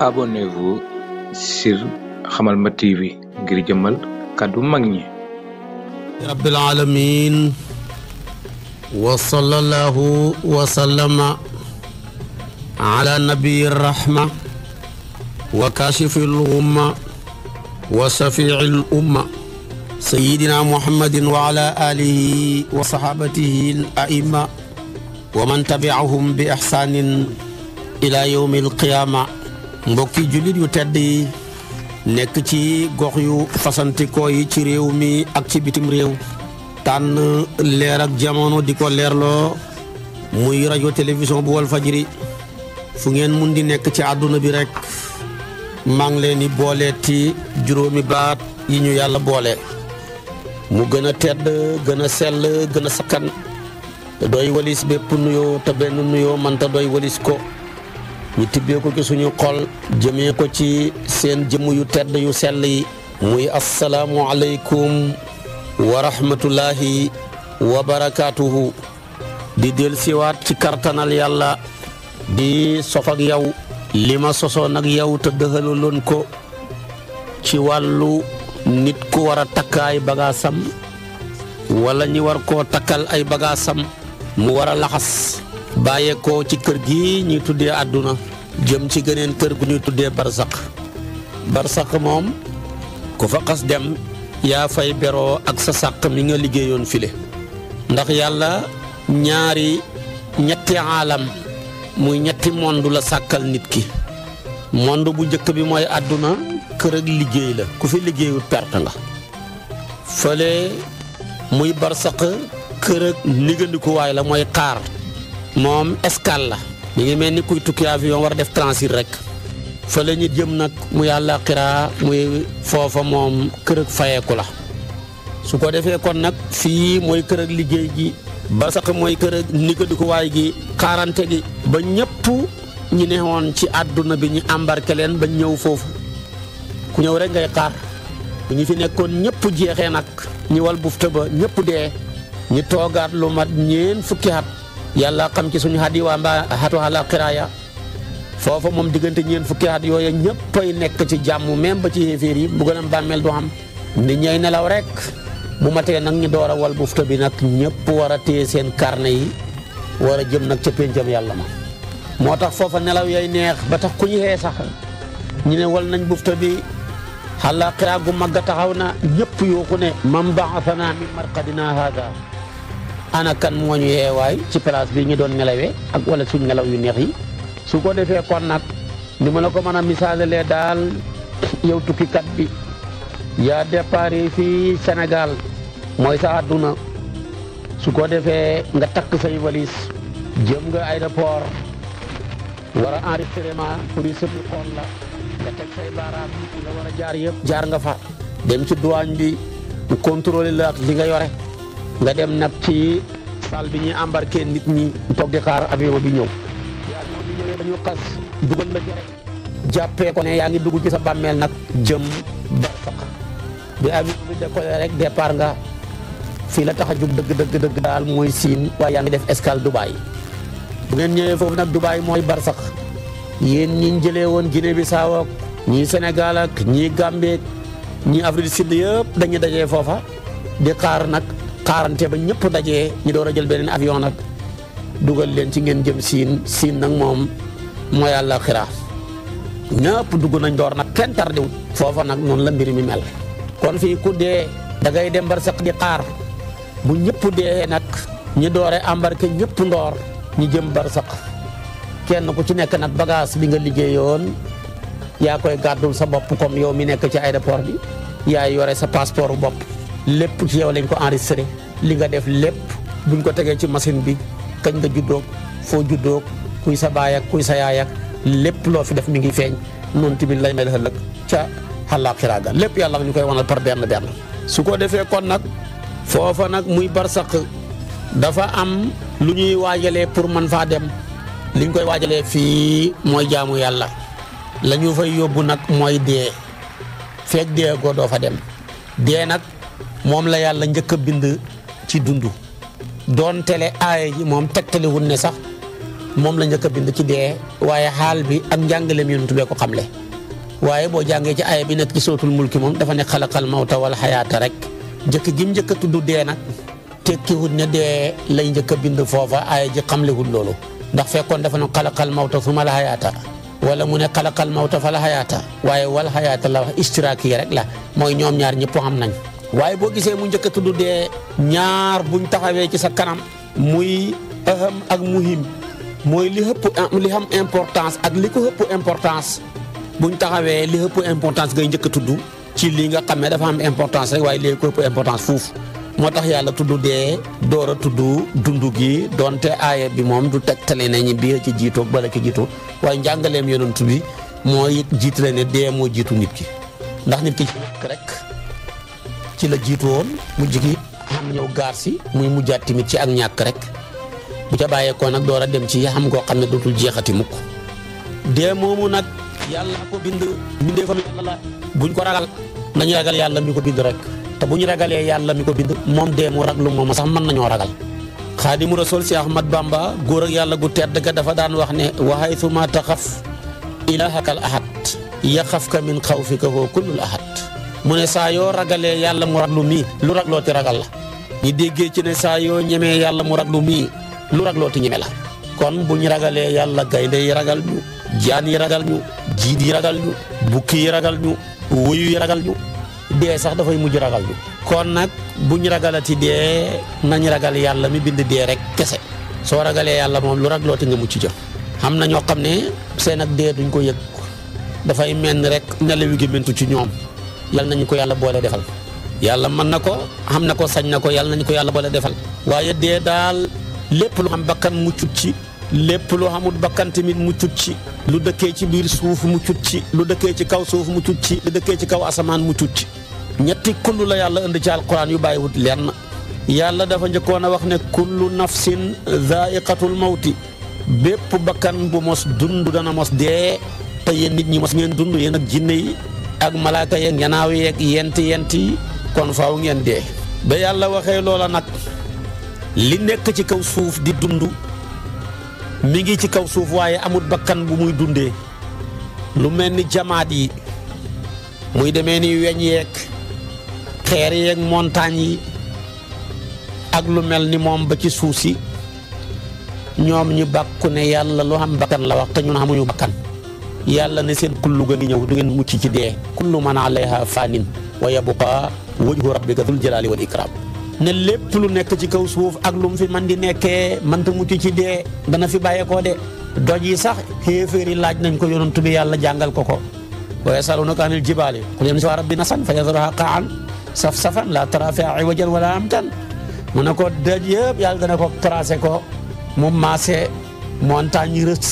Abonnez-vous sur Khamalma TV ngir jëmmal kàddu mag ñi rabbil alamin wa sallallahu wa sallama ala nabiyi rahma wa kashifil lghumma wa shafii lumma sayyidina muhammadin wa ala alihi wa sahabatihi al aima wa man tabi'ahum bi ihsaanin ila yawmi alqiyaama mbokki jullit yu tedd yi nekk ci gox yu fasantikoo yi ci réew mi ak ci bitim réew tànn leer ak jamono di ko leerloo muy rajo télévision bu Walfajri fu ngeen mun di nekk ci àdduna bi rek maa ngi leen di booleeti juróomi baat yi ñu yàlla boole mu gën a tedd gën a sell gën a sakkan doy walis bepp nuyo ta ben nuyo man ta doy walis ko ñu tibbe ko ci suñu xol jëmee ko ci seen jëmm yu tedd yu sell yi muy assalamu alaykum wa rahmatullahi wa di del wat ci kartanal yalla di sof ak yow li ma sosoon ak yow te dëxalaloon ko ci walu nit ku war a bagasam wala ñi war ko takal ay bagasam mu war a laxas bàyyeekoo ci kër gi ñuy tuddee àdduna jëm ci geneen kër gu ñuy tuddee barsak barsak moom ku fa xas dem yaa fay beroo ak sa sàq mi nga liggéeyoon file ndax yàlla ñaari ñetti aalam muy ñetti monde la sàkkal nit ki monde bu njëkk bi mooy àdduna kër ak liggéey la ku fi liggéeyut perte nga fële muy barsaq kër ak nigandikuwaay la mooy xaar moom escale la ñu ngi mel ni kuy tukki avion war a def transit rek fa la jëm nag mu yàlla xiraa muy foofa moom kër ak fayeeku la su ko defee kon nag fii mooy kër ak liggéey gi ba sax mooy kër ak nigandikuwaay gi xaarante gi ba ñëpp ñi newoon ci àdduna bi ñu embarqué leen ba ñëw foofu ku ñëw rek ngay xaar ñi fi nekkoon ñëpp jeexee nag ñi wal bufta ba ñëpp dee ñu togaat lu mat ñeen fukki at yalla xam ci suñu hadiwa mba hatu ala qiraya fofu mom digënté ñeen fukki at yoy ñeppay nekk ci jamm même ba ci xéeféer yi bu gënam bammel du am ni ñay nelaw rek bu maté nak ñu doora wal wal bufta bi nak ñepp wara a seen carnet yi wara jëm nak ci péncam yalla ma motax fofu nelaw yoy neex ba tax ku ñu hé sax ñu ne wal nañ bufta bi hala xiraa gu magga taxawna ñepp ku ne man min marqadina hadha ana kan mo ñu yeewaay ci place bi ñu doon nelawee ak wala suñu nelaw yu neex yi su ko défé kon nak ni mëna ko mëna misalé misaalee daal yow kat bi ya départé fi Sénégal moy sa aduna su ko défé nga tak say valise jëm nga aéroport wara a pour yu sëpp la nga tek say baram nga wara jaar yëpp jaar nga fa dem ci douane bi contrôler la li nga yore nga dem nag ci sal bi ñi embarqué nit ñi toog di xaar avion bi ñew dañu xass duggal la ci jappé ko né yaangi ngi dugg ci sa bammel nak jëm tax bi am bi ko rek départ nga fi la taxaju deug deug deug dal moy sin wa yaangi def escale dubai. bu ngeen fofu nak dubai moy bar sax yeen ñi jëlee woon Guinée Bissau ak ñii Sénégal ak ñi Gambie ñi Afrique du Sud yépp dañu dajé fofa di xaar nak xaarante ba ñëpp dajé ñi doora jël benen avion nak dugal leen ci ngeen jëm sin sin nak mom mooy yàlla xiraa ñëpp dugg nañ door nak kenn tardé fofu nak non la mbir mi mel kon fi ku dé da ngay dem barsaq di xaar bu ñëpp dé nak ñi dooré embarqué ñëpp ndor ñi jëm barsaq kenn ku ci nekk nak bagage bi nga liggéeyoon ya koy gàddul sa bop kom yow mi nekk ci aéroport bi yore sa passeport bop lepp ci yow lañ ko enregistrer li nga def lepp buñ ko tege ci machine bi kañ nga juddok fo kuisa kuy sa baay ak kuy sa yaay ak lepp lo fi def mi ngi feñ non tamit lay mel ëllëg ca halla xiraaga lepp yalla ñu koy wanal par ben ben su ko defé kon nak fofa nak muy barsaq dafa am lu ñuy waajalee pour man fa dem liñ koy waajalee fi moy jaamu yalla la fay yobbu nak moy dee fek dee go do fa dem dee nak mom la yalla ñëk bind ci dundu doon tele aaya ji moom tegtaliwul ne sax moom la njëkk a bind ci dee waaye xaal bi ak njàngaleem yonent bee ko xam xamle waaye boo jàngee ci aaya bi nekk ci sootul mulki moom dafa ne xalaqal mawta wal xayaata rek njëkk jim njëkk a tudd dee nag tekkiwut ne dee lay njëkk bind foofa aaya ji xamlewul loolu ndax fekkoon dafa ne xalaqal mawta suma la xayaata wala mu ne xalaqal mawta fa la xayaata waaye wal xayaata la wax istiraaki rek la mooy ñoom ñaar ñëpp xam nañ waaye boo gisee mu njëkk tudd dee ñaar buñ taxawee ci sa kanam muy aham ak muhim mooy li ëpp li xam importance ak li ko ëpp importance buñ taxawee li ëpp importance ngay njëkk tudd ci lii nga xam ne dafa am importance rek waaye li ko ëpp importance fuuf moo tax yàlla tudd dee door a tudd dund gi donte aaya bi moom du tegtale ne ñi bii ci jiitoo bala ki jiitu waaye njàngaleem yonent bi mooy jiitle ne dee moo jiitu nit ki ndax nit ki rek. ci la jiitu woon mujj gi xam ñëw gaar si muy mujjaat tamit ci ak ñàkk rek bu ca bàyyeekoo nag door dem ci xam ngoo xam ne dootul jeexati mukk dee moomu nag yàlla ko bind buñ ko ragal nañu ragal yàlla mi ko bind rek te bu ñu ragalee yàlla mi ko bind moom dee mu raglu moom sax mën nañoo ragal xaadimu rasul si ahmad bamba góor ak yàlla gu tedd ga dafa daan wax ne waxay suma taxaf ilahakal ahad yaxaf ka min xawfika hoo kullul ahad mu ne saa yoo ragalee yàlla mu raglu mii lu raglooti ragal ñi déggee ci ne saa yoo ñemee yàlla mu raglu mii lu raglooti ñeme la kon bu ñu ragalee yàlla gaynde yi ragal ñu jaan yi ragal ñu jiit yi ragal ñu bukki yi ragal ñu wuyu yi ragal ñu dee sax dafay mujj ragal ñu kon nag bu ñu ragalati dee nañ ragal yàlla mi bind dee rek kese soo ragalee yàlla moom lu raglooti nga mucc jëm xam na ñoo xam ne seen ak dee duñ ko yëg dafay mel ni rek nelawi gi mentu ci ñoom yal nañu ko yàlla boole defal yàlla mën na ko xam na ko sañ na ko yàlla nañu ko yàlla boole defal waaye dee daal lépp lu xam bakkan muccut ci lépp lu xamul bakkan tamit muccut ci lu dëkkee ci biir suuf muccut ci lu dëkkee ci kaw suuf muccut ci lu dëkkee ci kaw asamaan mu ci ñetti kullu la yàlla indi ci alquran yu bàyyiwut lenn yàlla dafa njëkkoon a wax ne kullu nafsin zaiqatul mawti bépp bakkan bu mos dund dana mos dee te yéen nit ñi mos ngeen dund yéen ak jinne ak malaaka yeeg ñanaaw yeeg yent yi kon faw ngeen dee ba yàlla waxee loola nag li nekk ci kaw suuf di dund mi ngi ci kaw suuf waaye amut bakkan bu muy dundee lu mel ni jamaat yi muy demee ni weñ yeeg xeer yeeg montagne yi ak lu mel ni moom ba ci suuf yi ñoom ñu bàkku ne yàlla lu am bakkan la wax te ñun amuñu bakkan yàlla ne seen kullu ga ngi ñëw du ngeen mucc ci dee kullu man alayha fanin wa yabqa wajhu rabbika dul jalali wal ikram ne lépp lu nekk ci kaw suuf ak lu mu fi man di nekkee mënta mucc ci dee dana fi bàyyeekoo de doj yi sax xéeféeri laaj nañ ko yonantu bi yàlla jàngal ko ko wa yasalunaka anil jibaali qul yansifuha rabbi nasfan fa yadharuha qa'an safsafan laa tara fiha iwajan wala amtan mu ne ko doj yëpp yàlla dana ko tracé ko mu maase montagne rës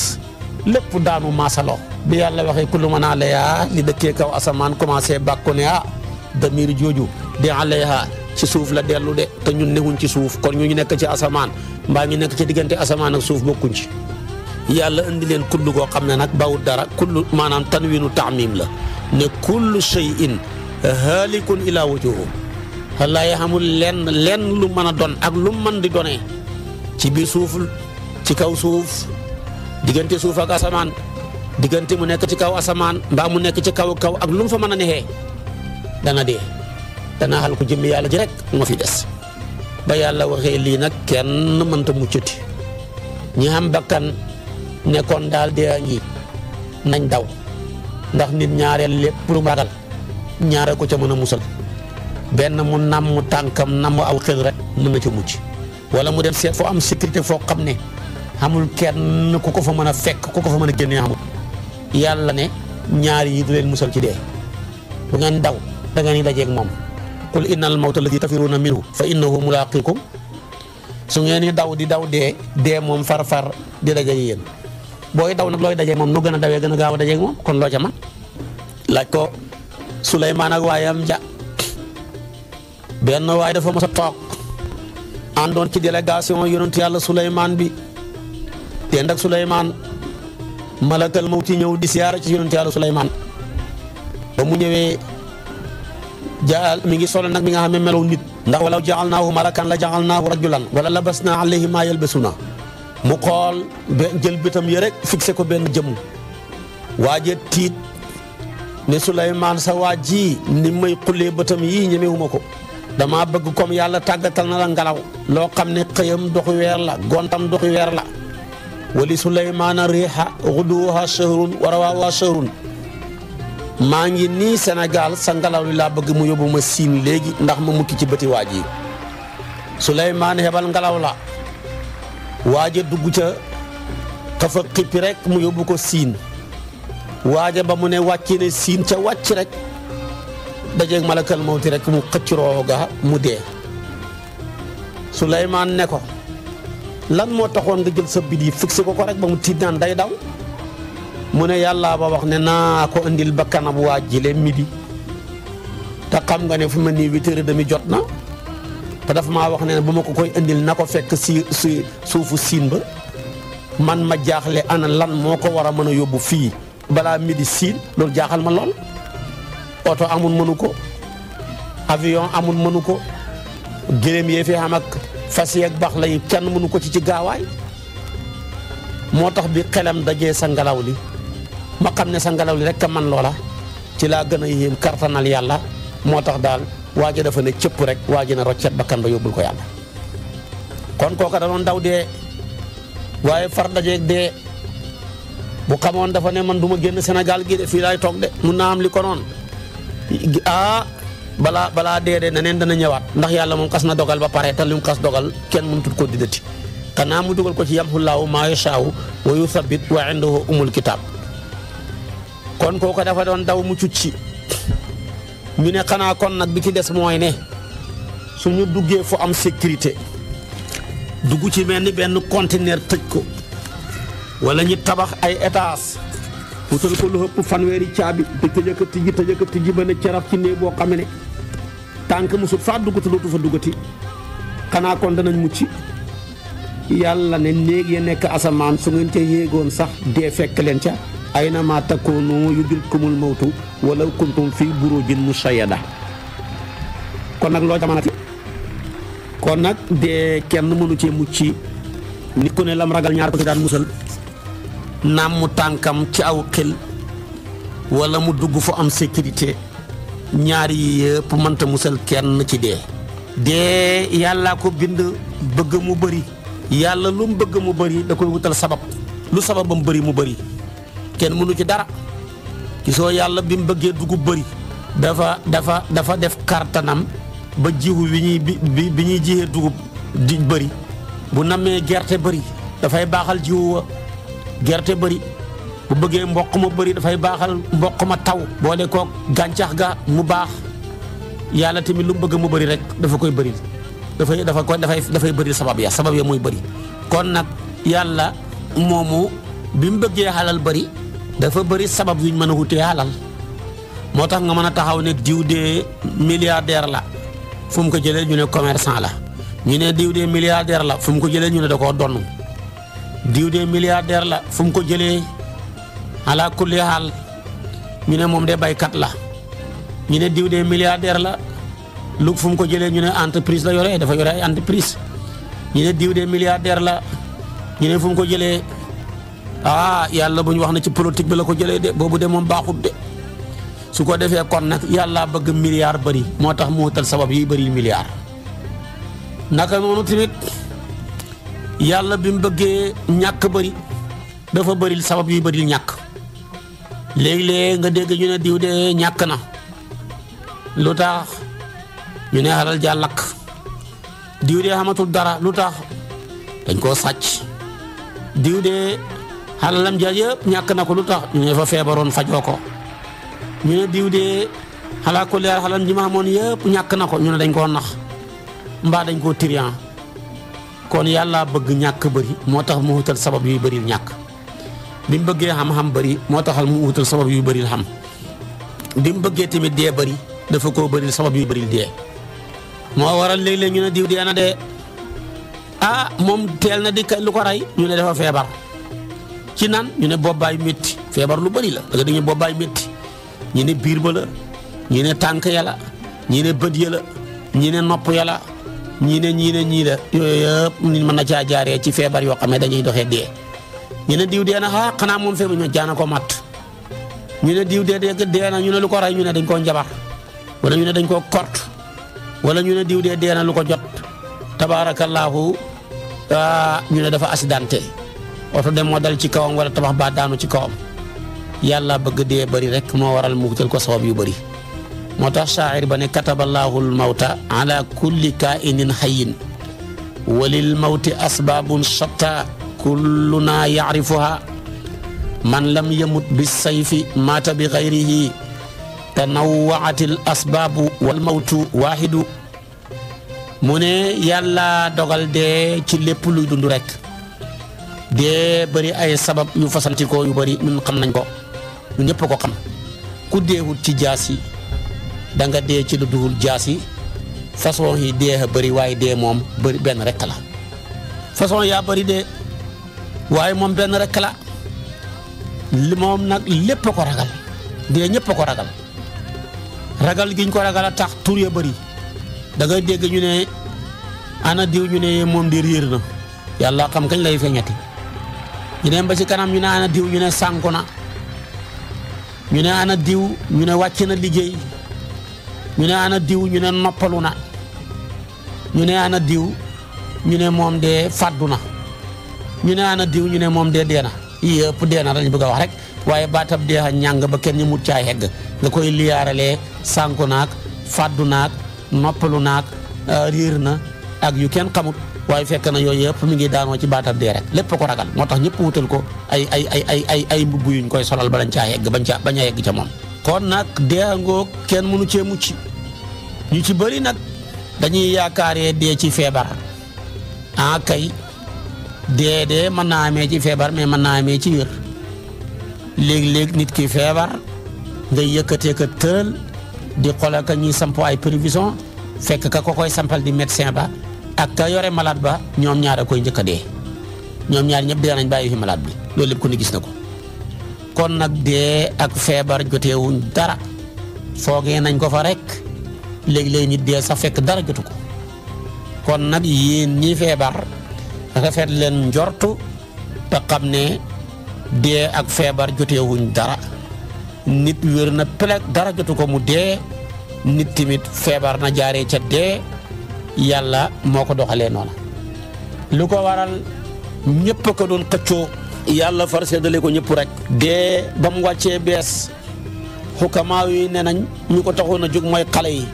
lépp daanu maasaloo bi yàlla waxee kullu man alayha li dëkkee kaw asamaan commencé bàkku ne ah damir jooju di alayha ci suuf la dellu de te ñun newuñ ci suuf kon ñu nekk ci asamaan mbaa ñu nekk ci diggante asamaan ak suuf bokkuñ ci yàlla indi leen kullu goo xam ne nag bawut dara kullu maanaam tanwinu taamim la ne kullu shay'in haalikun ilaa wujuhu wallaay xamul lenn lenn lu mën a don ak lu mën di donee ci biir suuf ci kaw suuf diggante suuf ak asamaan diganti mu nekk ci kaw asaman mbaa mu nekk ci kaw kaw ak lum fa dana de dana hal ko ala yalla ji rek mo fi dess ba yalla waxee li nak kenn mënta muccuti ñi am bakkan nekkoon dal dee ngi nañ daw ndax nit ñaare lepp lu magal ñaara ko ci musal ben mu namm tankam nam aw xel rek mën na mucc wala mu dem seet fo am sécurité fo xam ne amul kenn ku ko fa mën fekk ku fa amul yalla ne ñaar yi du len musal ci de bu ngeen daw da ngeen dajeeg moom qul inna al mawta alladhi tafiruna minhu fa innahu mulaqikum su ngeen ni daw di daw de de mom far far di dajeeg yeen boy daw nak loy dajeeg mom nu gëna a gëna gaaw a ak mom kon lo ca man laj ko sulayman ak wayam ja benn way dafa mësa tok andon ci délégation yonentu yalla sulayman bi dend sulaiman malakal mawti ñew di siyaara ci yonent yàlla sulayman ba mu ñewé jaal mi ngi solo nak mi nga xamé melaw nit ndax walaw ja'alnahu malakan la ja'alnahu rajulan wala labasna alayhi ma yalbasuna mu xool jël bitam ye ya rek fixé ko ben jëm waje tit ne sulayman sa waji ni may xullee bëtam yii ñemewuma ko dama bëgg comme yalla tagatal na la ngalaw lo xamné xeyam dox wër la gontam dox wër la wa li Souleymane riixa xuduwuha shahrun wa rawaaha shahrun maa ngi nii senegal sa ngelaw li laa bëgg mu yóbbu ma siin léegi ndax ma mukki ci bëti waaj yi Souleymane hebal ngelaw la waaja dugg ca kafa xippi rek mu yóbbu ko siin waaja ba mu ne wàcce siin ca wàcc rek dajeeg malakal mawti rek mu xëcc rooga mu dee Souleymane ne ko lan moo taxoon nga jël sa bit yi fixé ko ko rek ba mu tiit naan day daw mu ne yàllaa ba wax ne naa ko indil ba kanam waa jile midi te xam nga ne fu ma nii huit heures demi jot na te dafa ma wax ne bu ma ko koy indil na ko fekk si si suufu siin ba man ma jaaxle ana lan moo ko war a mën a yóbbu fii balaa midi siin loolu jaaxal ma lool oto amul mënu ko avion amul mënu ko gëléem yee fi xam ak fas yeeg baax lay yi kenn mënu ko ci ci gaawaay moo tax bi xelam dajee sa ngelaw li ma xam ne sa ngelaw li rek a man loola ci laa gën a yéem kartanal yàlla moo tax daal waa ji dafa ne cëpp rek waa ji na roccet bakkan ba yóbbul ko yàlla kon kooka da doon daw dee waaye far dajeeg dee bu xamoon dafa ne man du ma génn senegal gi de fii laay toog de mun naa am li ko noon ah, Bala bala dede nanen dana ñewat ndax yalla mom kasna dogal ba pare tan lu kas dogal kenn mënutut ko didati kana mu dugal ko ci llahu ma yashaawu wa yuthabbit wa indahu umul kitab kon kooko dafa don daw mu ci ñu ne xana kon nak bi ci dess moy ne suñu duggé fu am sécurité duggu ci melni ben container tejj ko wala ñi tabax ay étage wutal ko lu ëpp fanweri caabi te tëjëkk tijji tëjëkk tijji ba ne ci ne bo xamene tànk musut faa duggati dootu fa duggati xanaa kon danañ mucc yàlla ne néeg ya nekk asamaan su ngeen ca yéegoon sax dee fekk leen ca ay ayna ma takoonu yudrikkumul mawtu walaw kuntum fii burujin mushayyada kon nag loo jamanati kon nag dee kenn mënu cee mucc nit ku ne lam ragal ñaar ko ci daan musal naam mu tànkam ci aw xel wala mu dugg fu am sécurité ñaari yi manta mënta musal kenn ci dee dee yàllaa ko bind bëgg mu bëri yàlla lu mu bëgg mu bëri da koy wutal sabab lu sababam bëri mu bëri kenn mënu ci dara gisoo yàlla bi mu bëggee dugub bëri dafa dafa dafa def kartanam ba jiwu bi ñuy bi bi ñuy jiyee dugub di bëri bu namee gerte bari dafay baaxal jiwu wa gerte bëri bu bëggee mboq ma bëri dafay baaxal mboq ma taw boole kook gàncax ga mu baax yàlla tamit lu mu bëgg mu bëri rek dafa koy bëri dafay dafa koy dafay dafay bëri sabab ya sabab mooy bëri kon nag yàlla moomu bi mu bëggee xalal bëri dafa bëri sabab yuñ mën a wutee xalal moo tax nga mën a taxaw ne diw dee milliardaire la fu mu ko jëlee ñu ne commerçant la ñu ne diw dee milliardaire la fu mu ko jëlee ñu ne da koo donn diw dee milliardaire la fu mu ko jëlee ala kulli haal ñu ne moom de baykat la ñu ne diw de milliardaire la lu fum ko jëlee ñu ne entreprise la yore dafa yore ay entreprise ñu ne diw de milliardaire la ñu ne fu mu ko jëlee ah yàlla bu ñu wax na ci politique bi la ko jëlee de boobu de moom baaxut de su ko defee kon nag yàlla bëgg milliard bëri moo tax mu wutal sabab yiy bëri milliard naka noonu tamit yàlla bi mu bëggee ñàkk bëri dafa bëril sabab yuy bëril ñàkk. léegi-léeg nga dégg ñu ne diw de ñàkk na lu tax ñu ne xalal ja lakk diw de xamatul dara lu tax dañ koo sàcc diw de xalalam ja yëpp ñàkk na ko lu tax ñu ne fa feebaroon fajoo ko ñu ne diw de xalaa ko leer xalam ji ma xamoon yëpp ñàkk na ko ñu ne dañ koo nax mbaa dañ koo tiriyan kon yàlla bëgg ñàkk bëri moo tax mu wutal sabab yuy bëril ñàkk bi mu bëggee xam-xam bari moo taxal mu wutal sabab yu bari xam bi mu bëggee tamit dee bëri dafa ko bari sabab yu bari dee moo waral léeg-léeg ñu ne diw di na dee ah moom teel na di lu ko rey ñu ne dafa feebar ci nan ñu ne bobbaay metti feebar lu bari la parce que dañu bobbaay metti ñu ne biir ba la ñu ne tànk ya la ñu ne bët ya la ñu ne nopp ya la ñi ne ñi ne ñi la yooyu yëpp nit mën na caa ci feebar yoo xam dañuy doxee dee ñu ne diw dee na ah xanaa moom feebu ñu jaana ko mat ñu ne diw dee dee na ñu ne lu ko rey ñu ne dañ koo njabar wala ñu ne dañ koo kort wala ñu ne diw dee dee na lu ko jot tabaarakallaahu ah, ñu ne dafa accidenté oto dem moo dal ci kawam wala tabax baa daanu ci kawam yàlla bëgg dee bari rek moo waral mu jël ko sabab yu bari moo tax shaacir ba ne kataballaahu almawta ala kulli kainin hayyin walil mawti asbaabun shatta kulluna yaarifuha man lam yamut bisayfi maata bi xayrihi tanawwaat al asbaabu wal mawtu waahidu mu ne yàlla dogal dee ci lépp luy dund rek dee bëri ay sabab yu fasantikoo yu bëri ñun xam nañ ko ñun ñëpp ko xam ku deewut ci jaas yi da nga dee ci lu duhul jaas yi façon yi dee a waaye dee moom bëri benn rek la façon yaa bëri dee waaye moom benn rek la li moom nag lépp a ko ragal dee ñëpp ko ragal ragal giñ ko ragal a tax tur ya bëri da ngay dégg ñu ne ana diw ñu ne moom di réer na yàlla xam kañ lay feeñati ñu ne ba ci kanam ñu ne ana diw ñu ne sànku na ñu ne diw ñu ne wàcc na liggéey ñu ne ana diw ñu ne noppalu na ñu ne ana diw ñu ne moom de fàddu na ñu ne ana diw ñu ne mom dee dee na yëpp dee na bëgg wax rek waye baatab dee ha ñang ba kenn ci ay hegg nga koy liyaaralee sanku nak faddu nak noppalu nak euh, riir na ak yu kenn xamut waye fekk na yoy yëpp mi ngi daano ci baatab dee rek lépp ko ragal motax ñëpp wutal ko ay ay ay ay ay ay mbubb yuñ koy solal ba ci ay hegg bañ ci bañ yegg ci mom kon ngo kenn mënu ñu ci bari nak dañuy ci ah kay dee dee mën naa amee ci feebar mais mën naa amee ci wér léegi léeg nit ki feebar ngay yëkkatee ka tëral di xoolal ka ñuy samp ay prévision fekk ka ko koy sampal di médecin ba ak ka yore malaat ba ñoom ñaar a koy njëkk dee ñoom ñaar ñëpp dee nañ bàyyi fi malaat bi loolu lépp ku ne gis na ko kon nag dee ak feebar jotewuñ dara foogee nañ ko fa rek léegi-léegi nit dee sax fekk dara jotu ko kon nag yéen ñi feebar rafet leen njortu te xam ne dee ak feebar joteewuñ dara nit wér na peleg dara jotu ko mu dee nit tamit feebar na jaare ca dee yàlla moo ko doxalee noona lu ko waral ñëpp ko doon xëccoo yàlla far séddale ko ñëpp rek dee ba mu wàccee bees xukamaaw yi ne nañ ñu ko taxoon a jóg mooy xale yi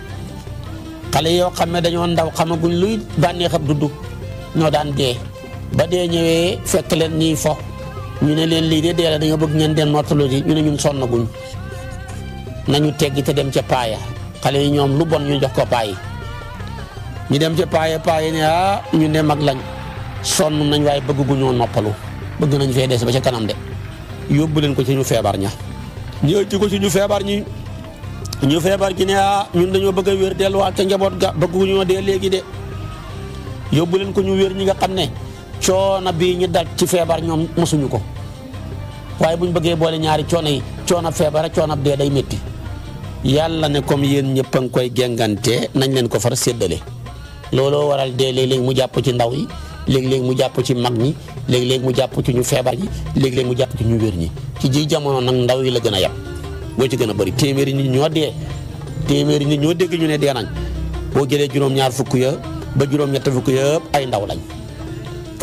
xale yoo xam ne dañoo ndaw xamaguñ luy bànneex ab dudd ñoo daan dee ba dee ñëwee fekk leen ñuy fo ñu ne leen lii de dee la dañoo bëgg ngeen dem nottalu ji ñu ne ñun sonnaguñ nañu teg te dem ca paaya xale yi ñoom lu bon ñu jox ko paay ñu dem ca paaya paaya ne ah ñu ne mag lañ sonn nañ waaye bëgg gu ñoo noppalu bëgg nañ fee des ba ca kanam de yóbbu leen ko ci ñu feebar ña ko ci ñu feebar ñi ñu feebar ji ne ah ñun dañoo bëgg a wér delluwaat ca njaboot ga bëgg gu ñoo dee léegi de yóbbu leen ko ñu wér ñi nga xam ne coono bii ñu dal ci feebar ñoom mosuñu ko waaye buñ bëggee boole ñaari coono yi coono feebar ak coono dee day métti yàlla ne comme yéen ñëpp a ngi koy gengante nañ leen ko far séddale looloo waral dee léeg-léeg mu jàpp ci ndaw yi léegi léeg mu jàpp ci mag ñi léeg-léeg mu jàpp ci ñu feebar ñi léegi léeg mu jàpp ci ñu wér ñi ci ji jamono nag ndaw yi la gën a yab boo ci gën a bëri téeméeri nit ñoo dee téeméeri nit ñoo dégg ñu ne dee nañ boo jëlee juróom-ñaar ba juróom-ñett fukk yëpp ay ndaw lañ.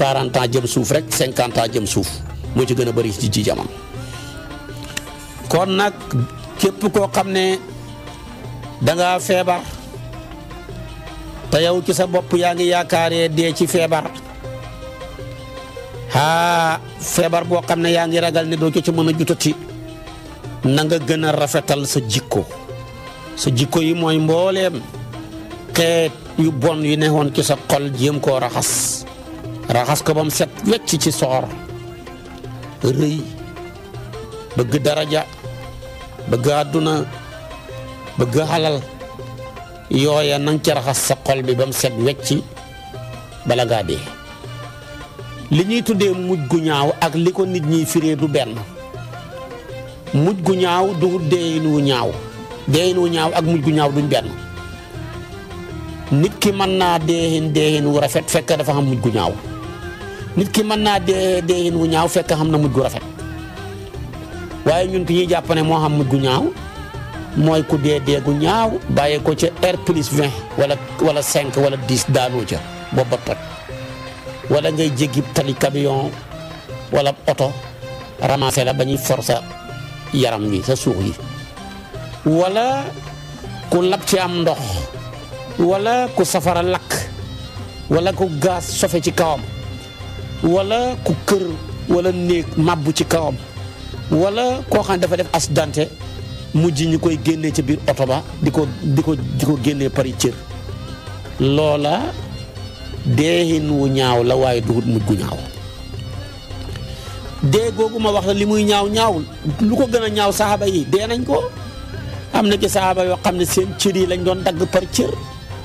40 ans jëm suuf rek 50 ans jëm suuf mo ci gëna bari ci ci jamam kon nak képp ko xam da nga feebar ta yow ci sa bop ya nga yaakaaree dee ci feebar ha feebar bo xam ya nga ragal ne do ci ci mëna jutati na nga gëna rafetal sa jikko sa jikko yi moy mbooleem xeet yu bon yu neexoon ci sa xol jëm ko raxas raxas ko ba mu set wecc ci soxor rëy bëgg daraja bëgg àdduna bëgg xalal yooya na nga ci raxas sa xol bi ba mu set wecc bala ngaa dee li ñuy tuddee mujj gu ñaaw ak li ko nit ñi firee du benn mujj gu ñaaw du deeyin wu ñaaw deeyin wu ñaaw ak mujj gu ñaaw duñ benn nit ki mën naa deeyin deeyin wu rafet fekk dafa xam mujj gu ñaaw nit ki mën naa dee deeyin wu ñaaw fekk xam na mujj gu rafet waaye ñun ki ñuy jàpp ne moo xam mujj gu ñaaw mooy ku dee dee gu ñaaw bàyyee ko ca R plus 20 wala wala 5 wala 10 daanoo ca boobu ba toj wala ngay jéggi tali camion wala oto ramassé la ba ñuy for yaram wi sa suux yi wala ku lab ci am ndox walla ku safara lakk wala ku gaas sofe ci kawam. wala ku kër wala néeg màbbu ci kawam walla koo xam dafa def as mujj ñu koy génnee ca biir oto ba di ko di ko di ko génnee pari cër loola deexin wu ñaaw la waaye duhut mujj gu ñaaw dee googu ma wax la li muy ñaaw ñaawul lu ko gën a ñaaw saxaaba yi dee nañ ko am na ci saxaaba yoo xam ne seen cër yi lañ doon dagg par cër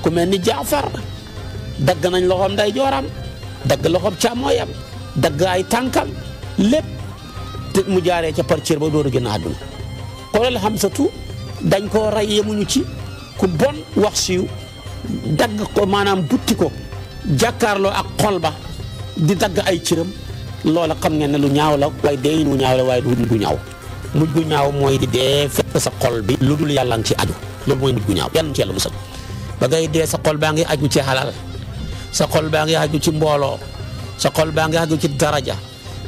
ku mel ni jaafar dagg nañ loxoom nday jooram dagg loxob chamoyam dag ay tànkam lépp mu jare ci parcir bo dooru a génn àdduna xoolal xamsatu dañ ko ray yemuñu ci ku bon wax siw dag ko manam butti ko jakarlo ak xol di dag ay cëram lola xam ngeen ne lu ñaaw la way de ñu ñaaw la way du gu ñaaw mu gu ñaaw moy di de fepp sa xol bi lu dul ngi ci aju loolu moy mujj ñaaw yan ci yalla musal ba ngay de sa xol ba ngi aju ci halal sa xol baa ngi xaju ci mbooloo sa xol baa ngi xaju ci daraja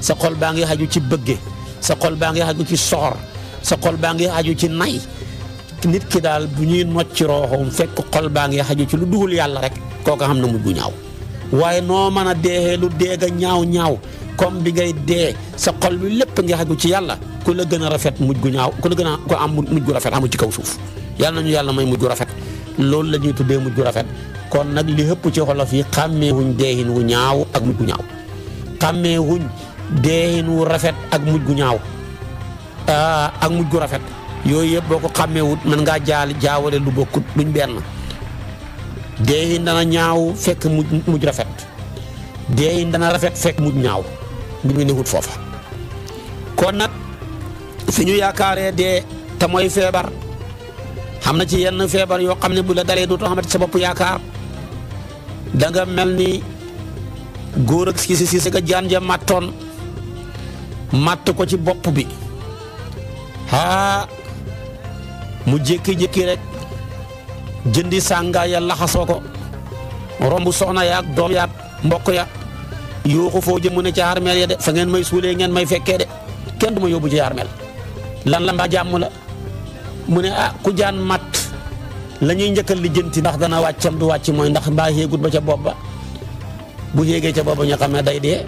sa xol baa ngi xaju ci bëgge sa xol baa ngi xaju ci soxor sa xol baa ngi xaju ci nay nit ki daal bu ñuy nocci rooxoom fekk xol baa ngi xaju ci lu dugul yàlla rek kooka xam na mujj gu ñaaw waaye noo mën a deexee lu dee deega ñaaw ñaaw comme bi ngay dee sa xol bi lépp nga xaju ci yàlla ku la gën a rafet mujj gu ñaaw ku la gën a ko am mujj gu rafet amul ci kaw suuf yàlla nañu yàlla may muj gu rafet loolu la ñuy tuddee mujj gu rafet kon nag li ëpp ci xolof yi xàmmee wuñ deehin wu ñaaw ak mujj gu ñaaw xàmmee wuñ deehin wu rafet ak muj gu ñaaw ah, ak mujj gu rafet yooyu yëpp boo ko xàmmee wut mën ngaa jaal jaawale lu bokkut duñ benn deehin dana ñaaw fekk mujj mujj rafet deehin dana rafet fekk mujj ñaaw mbir mi nekkut foofa kon nag fi ñu yaakaaree dee te mooy feebar. amna ci yenn feebar yoo xam ne bu la dalee dootoo xamati sa bopp yaakaar da nga mel ni góor ak sisi sisi ga jaan ja màttoon màtt ko ci bopp bi haa mu jékki-jékki rek jëndi sàngaa ya laxasoo ko romb soxna yaag doom yaag mbokk ya yuuxu foo jëm ne ci armel ya de fa ngeen may suulee ngeen may fekkee de kenn du ma yóbbu ci armel lan la mbaa jàmm mu ne ah ku jaan mat lañuy ñëkkal li jënti ndax dana wàccam du wàcc mooy ndax mbaa yeegut ba ca bopp ba bu yéegee ca bopp ñu xam ne day dee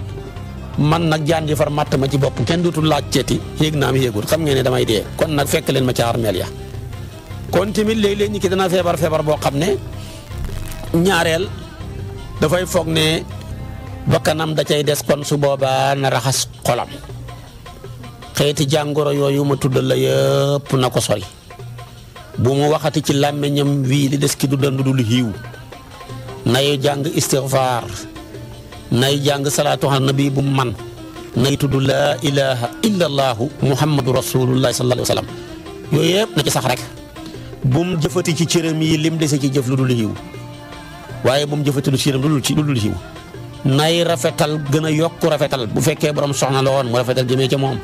man nag jaan ji far matt ma ci bopp kenn dutul laaj ceeti yéeg naam yeegut xam ngeen ne damay dee kon nag fekk leen ma ca armeel ya kon tamit léeg-léeg ñi ki dana feebar feebar boo xam ne ñaareel dafay foog ne bakkanam da cay des kon su boobaa na raxas xolam xeeti jàngoro yooyu tuddal la yëpp na sori bu mu waxati ci làmmiñam wii li des ki du dandu dul xiiw nay jàng istixfaar nay jàng salaatu ala nabi bu man nay tudd laa ilaha illa allaahu muhammadu rasulullahi sallallahu alayhi wa sallam yooyu yëpp na ci sax rek bu mu jëfati ci cëram yi lim dese ci jëf lu dul xiiw waaye bu mu jëfati lu cëram lu dul xiiw nay rafetal gën a yokk rafetal bu fekkee borom soxna la woon mu rafetal jëmee ca moom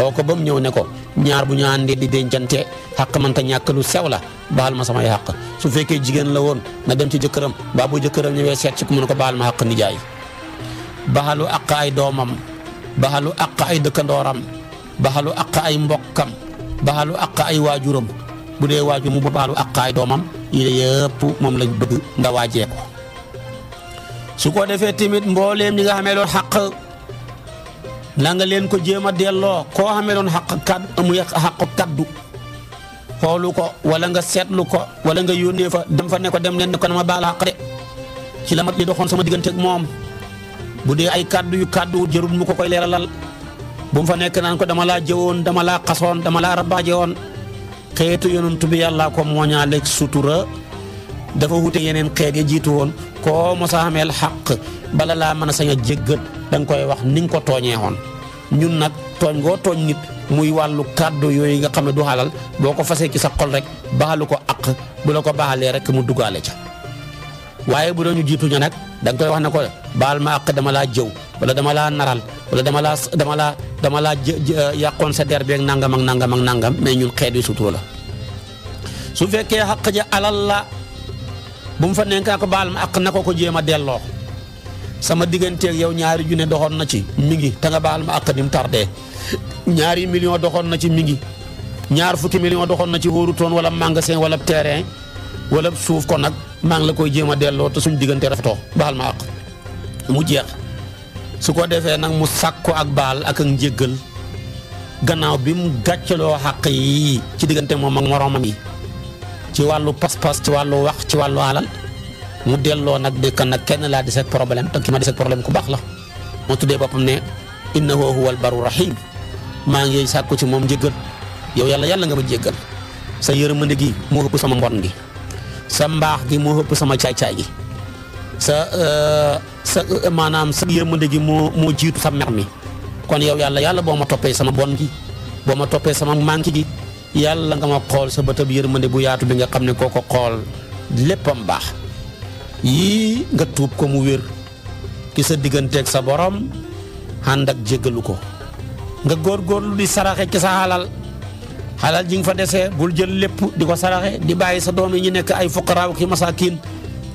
xoo bam ñew ne ko ñaar bu ñu àndee di dencante man ta ñak lu sew la baal ma sama hak su fekke jigen la won na dem ci jëkëram ba bu jëkëram ñewé set ci ku mun ko baal ma xàq nijaay baalu àq ay doomam baalu àq ay dëkkandooram baalu àq ay baalu àq ay bu dee mu baalu àq ay doomam yile yëpp lañ bëgg nga wajé ko su ko defé timit mbolém ñi nga xamé loolu hak na len ko jema delo ko xamé xamee doon xaq kad mu xaq kaddu xoolu wala nga setlu ko wala nga yone fa dem fa ne ko dem len ko ma de ci lamat li doxon sama digganteeg mom, bu dee ay kaddu yu kaddu jërul mu ko koy leralal bu fa nek nan ko dama la jëwoon dama la xason dama la rabba xeytu bi yalla ko mooñaaleeg sutura dafa wute yeneen xeet ya won ko mo sa amel xaq bala la man a sañ a koy wax ning ko toñé won ñun nak togn go togn nit muy walu kaddu yoy nga xam du halal boko ko ci sa xol rek baalu ko àq bu lako ko rek mu dugalé ca waye bu doñu jitu ñu nak dang koy wax ne ko baal ma ak dama la jëw wala dama la naral wala dama la dama la dama la sa der ak nangam ak nangam ak nangam mais ñun xeet sutu la su fekke ja alalla bu mu fa ak baal ma ak nako ko jema sama digganteek yow ñaari junne doxoon na ci mi ngi te nga baal ma àq ni mu tardé ñaari million doxoon na ci mi ngi ñaar fukki million doxoon na ci wóorutoon wala magasin wala terrain wala suuf ko nag maa ngi la koy jéem a delloo te suñ diggante rafetoo baal ma àq mu jeex su ko defee nag mu ko ak baal ak ak njéggal gannaaw bi mu gàccaloo xàq yi ci diggante moom ak moromam yi ci wàllu pas-pas ci wàllu wax ci wàllu alal mu delloo nag di kan nag kenn laa di set problème te ki ma di set problème ku baax la moo tuddee boppam ne innahu huwal baru rahim maa ngi sàkku ci moom njëggal yow yàlla yàlla nga ma jéggal sa yërmande gi moo ëpp sama mbon gi sa mbaax gi moo ëpp sama caay-caay gi sa euh, sa euh, maanaam sa yërmande gi moo moo jiitu sa mer mi kon yow yàlla yàlla boo ma toppee sama bon gi boo ma toppee sama manki gi yàlla nga ma xool sa bëtab yërmande bu yaatu bi nga xam ne koo ko xool léppam baax yi nga tuub ko mu wér ki sa digganteeg sa borom ànd ak ko nga góorgóorlu di saraxe ci sa halal halal ji nga fa desee bul jël lépp di ko saraxe di bàyyi sa doomi ñi ñu nekk ay fuqaraaw ki masakin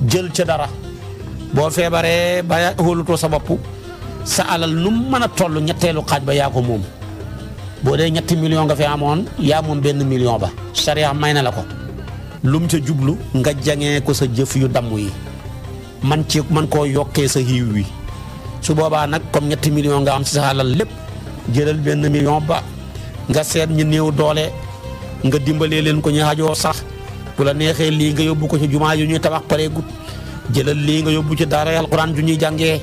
jël ca dara boo feebaree ba hóolutoo sa bopp sa alal nu mën a toll ñetteelu xaaj ba yaa ko moom boo dee ñetti million nga fi amoon yaa moom benn million ba sharia may na la ko lum ca jublu nga jangee ko sa jëf yu damm yi man ci man ko yokke sa hiw wi su boba nak comme ñetti million nga am ci sa lepp jëlal ben million ba nga seen ñu neew doole nga dimbalé leen ko ñu hajoo sax bu la nexé li nga yobbu ko ci juma yu ñuy tabax gut jëlal li nga yobbu ci daara alquran ju ñuy jangé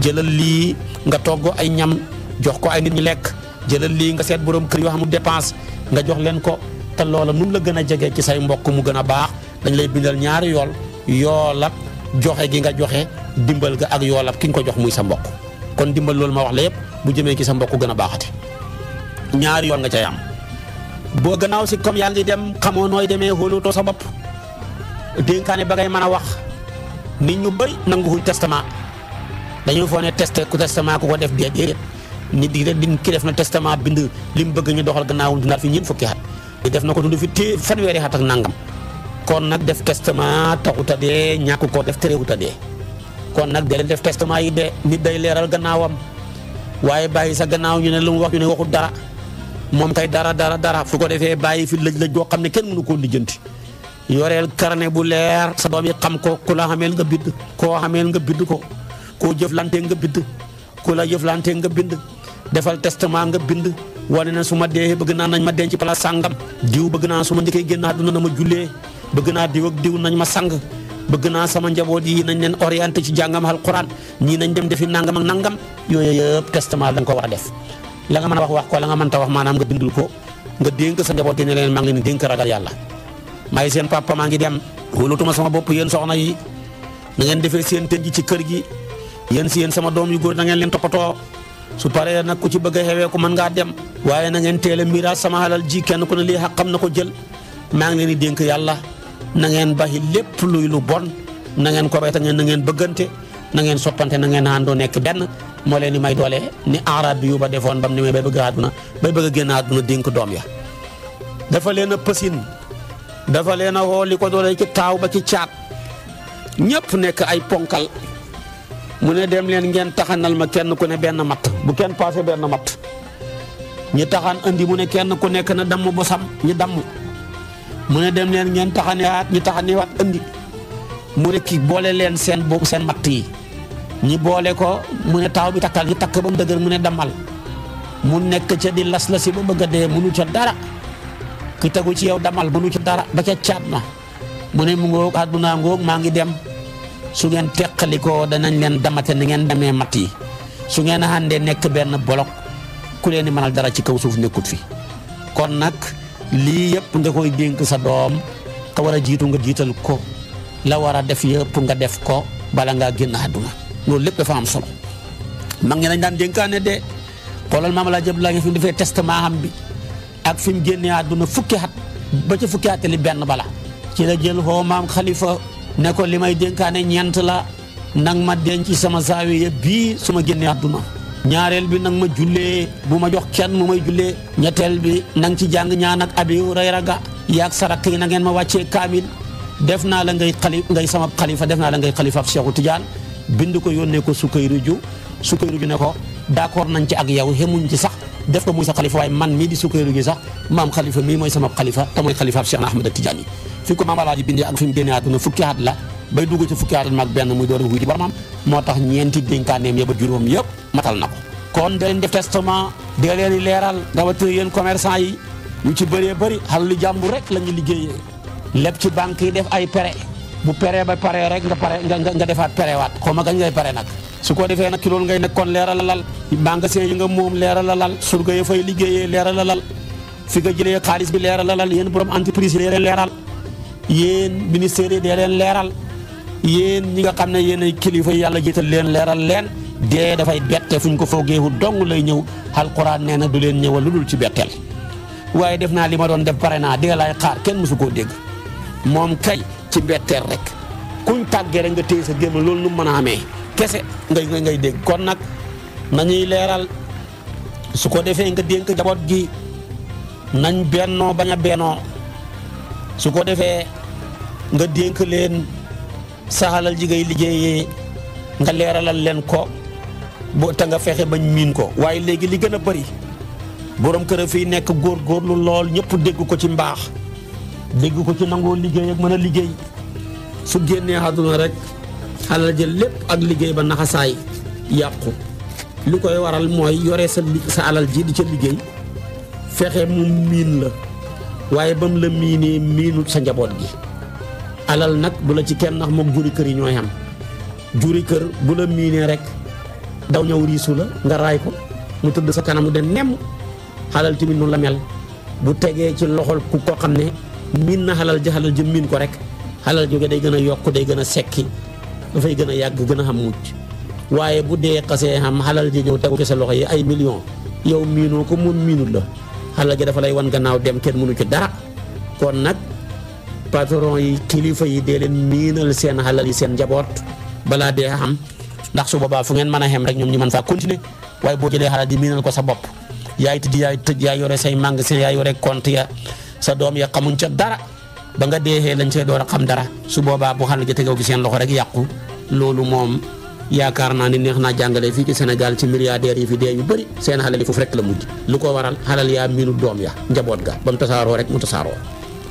jëlal li nga togg ay ñam jox ko ay nit ñi lek jëlal li nga seet borom kër yu dépense nga jox leen ko loolu nu la gëna jëgé ci say mbokk mu gëna baax dañ lay bindal ñaari yool yoolat joxe gi nga joxe dimbal ga ak yoolab ki nga ko jox muy sa mbokk kon dimbal loolu ma wax la yëpp bu jëmee ci sa mbokk gën a baaxati ñaari yoon nga cay am boo gannaaw si comme yaa ngi dem xamoo nooy demee xóolutoo sa bopp dénkaane ba ngay man a wax nit ñu bëri nanguwuñ testament dañoo foo ne test ku testament ku ko def dee déedéet nit di rek di ki def na testament bind li mu bëgg ñu doxal gannaawum dinaat fi ñeent fukki at def na ko dund fi téye fanweeri at ak nangam kon nak def testament taxuta de ñaku ko def terewuta de kon nak dalen def testament yi de nit day leral gannaawam waye bayyi sa gannaaw ñu ne lu wax ñu ne waxu dara mom tay dara dara dara fu ko defé bayyi fi lej lej go xamne kenn mënu ko lijeenti yorel carnet bu leer sa doomi xam ko kula xamel nga bidd ko xamel nga bidd ko ko jëflante nga bind kula jëflante nga bidd defal testament nga bind wala na suma dee bëgg naa nañ ma denc place sangam diw bëgg naa suma génn na ma jullee bëgg naa diw ak diw nañ ma sang bëgg naa sama njaboot yi nañ leen orienté ci jàngam alquran ñii nañ dem defi nangam ak nangam yooyu yëpp testament da ko war a def la nga mën a wax wax ko la nga mënta wax maanaam nga bindul ko nga dénk sa njaboot yi ne leen maa ngi leen dénk ragal yàlla maay seen papa maa ngi dem sama bopp yéen soxna yi na ngeen defee seen tënj ci kër gi yéen si sama doom yu góor na ngeen leen toppatoo su paree nag ku ci bëgg a xewee mën ngaa dem waaye na ngeen teel a sama halal ji kenn ku ne lii xaqam na jël Mang ngi leen di denk yalla na ngeen bahi lepp luy lu bon na ngeen ko bayta ngeen na ngeen beugante na ngeen sopante na ngeen ando nek ben mo leen may dole ni arab yu ba defoon bam ni may bay bay beug a aduna denk dom ya dafa leen a pësin dafa leen a woo li ko mune ci taw ba ci nukune ñepp nek ay ponkal mu ne dem leen ngeen taxanal ma kenn ku ne ben mat bu kenn passé ben mat ñi taxan andi mu ne kenn ku nek na bo bosam ñi dam mu ne dem leen ngeen taxanewaat ñu taxanewaat andi mu ne kii boole leen seen boobu seen matt yi ñi boole ko mu ne taaw bi takkal ñu takk ba mu dëgër mu ne damal mu nekk ca di las lasi ba bëgg a dee mënu ca dara ki tegu ci yow damal mënu ca dara ba ca caat ma mu ne mu ngoog àdduna ngoog maa ngi dem su ngeen teqalikoo danañ leen damate ni ngeen demee matt yi su ngeen a àndee nekk benn bolok ku leen di mënal dara ci kaw suuf nekkut fi kon nag li yep nga koy denk sa dom ta wara jitu nga jital ko la wara def yep nga def ko bala nga genn aduna loolu lepp dafa am solo mag ñi lañ dan denkane de mama la jeb la nga fi mu defee testament am bi ak fim genn aduna fukki hat ba ci fukki hat li ben bala ci la jël ho mam khalifa ne ko limay denkane ñent la nang ma denc sama zawiye bi suma genn aduna ñaareel bi nang ma jullee bu ma jox kenn mu may jullee ñetteel bi nang ci jàng ñaan ak abi rayra raga yaag sara yi na ngeen ma wàccee kaamil def naa la ngay xali ngay sama xalifa def naa la ngay xalifa ab Seexu Tijaan bind ko yónnee ko Sukayru ju Sukayru ju ne ko d'accord nañ ci ak yow xemuñ ci sax def ko muy sa xalifa man mi di sukkeeru gi sax mam khalifa mi moy sama khalifa ta moy khalifa Cheikh Ahmed Tidiane fi ko mam aladi bindi ak fim mu aduna fukki at la bay duggu ci fukki at mak ben muy door a wuy di boromam moo tax ñeenti dénkaaneem ya matal nako kon de len def testament da leen leeral rawatina yéen commerçant yi yu ci bëree bëri hal li jambu rek lañu ñu lepp ci banque yi def ay prêt bu prêt ba pare rek nga pare nga defaat prêt wat xaw ma kañ su ko defee nag ci loolu ngay nekkoon leeralalal magasin yi nga moom leeralalal surga ya fay liggéeyee leeralalal fi nga jëlee xaalis bi leeralalal yéen borom entreprise yi dee leen leeral yéen ministère yi dee leen leeral yéen ñi nga xam ne yéen ay kilifa yàlla jiital leen leeral leen dee dafay bette fu ñu ko foogeewu dong lay ñëw alquran nee na du leen ñëwal lu dul ci betteel waaye def naa li ma doon def pare naa dee lay xaar kenn mësu koo dégg moom kay ci betteel rek kuñ tàggee rek nga téye sa gémma loolu nu mën a amee kese ngay ngay dégg kon nag nañuy leeral su ko defee nga dénk jaboot gi nañ bennoo bañ a bennoo su ko defee nga dénk leen saxalal ji ngay liggéeyee nga leeralal leen ko boo te nga fexe bañ miin ko waaye léegi li gën a bari boroom kër a fi nekk góor góorlu lool ñëpp dégg ko ci mbaax dégg ko ci nangoo liggéey ak mën a liggéey su génnee àdduna rek alal jël lépp ak liggéey ba naxasaay yàqu li koy waral mooy yore sa sa alal ji di ca liggéey fexe mu miin la waaye ba mu la miinee miinut sa njaboot gi alal nag bu la ci kenn nax moom juri kër yi ñooy am juri kër bu la miinee rek daw ñëw riisu la nga raay ko mu tëdd sa kanam mu dem nemm xalal tamit mu la mel bu tegee ci loxol ku ko xam ne miin na xalal ji xalal ji miin ko rek xalal jóge day gën a yokk day gën a sekki dafay gën a yàgg gën a xam mucc waaye bu dee xasee xam xalal ji ñëw tegu ci sa loxo yi ay millions yow miinoo ko mun miinul la xalal ji dafa lay wan gannaaw dem kenn mënu ci dara kon nag patron yi kilifa yi dee leen miinal seen xalal yi seen njaboot balaa dee xam ndax su boobaa fu ngeen mën a xem rek ñoom ñu mën faa continuer waaye boo jëlee xalal ji miinal ko sa bopp yaay tëdd yaay tëj yaay yore say magasin yaay yore compte ya sa doom ya xamuñ ca dara ba nga deexee eh, lañ cay doora xam dara su boba bu xal gi tegeu gi seen loxo rek yaqku lolu mom yaakar na ni neex na jangale fi ci senegal ci milliardaire yi fi dee yu bari seen fu rek la mujj lu ko waral xalal ya minu dom ya njabot ga bam tassaro rek mu tassaro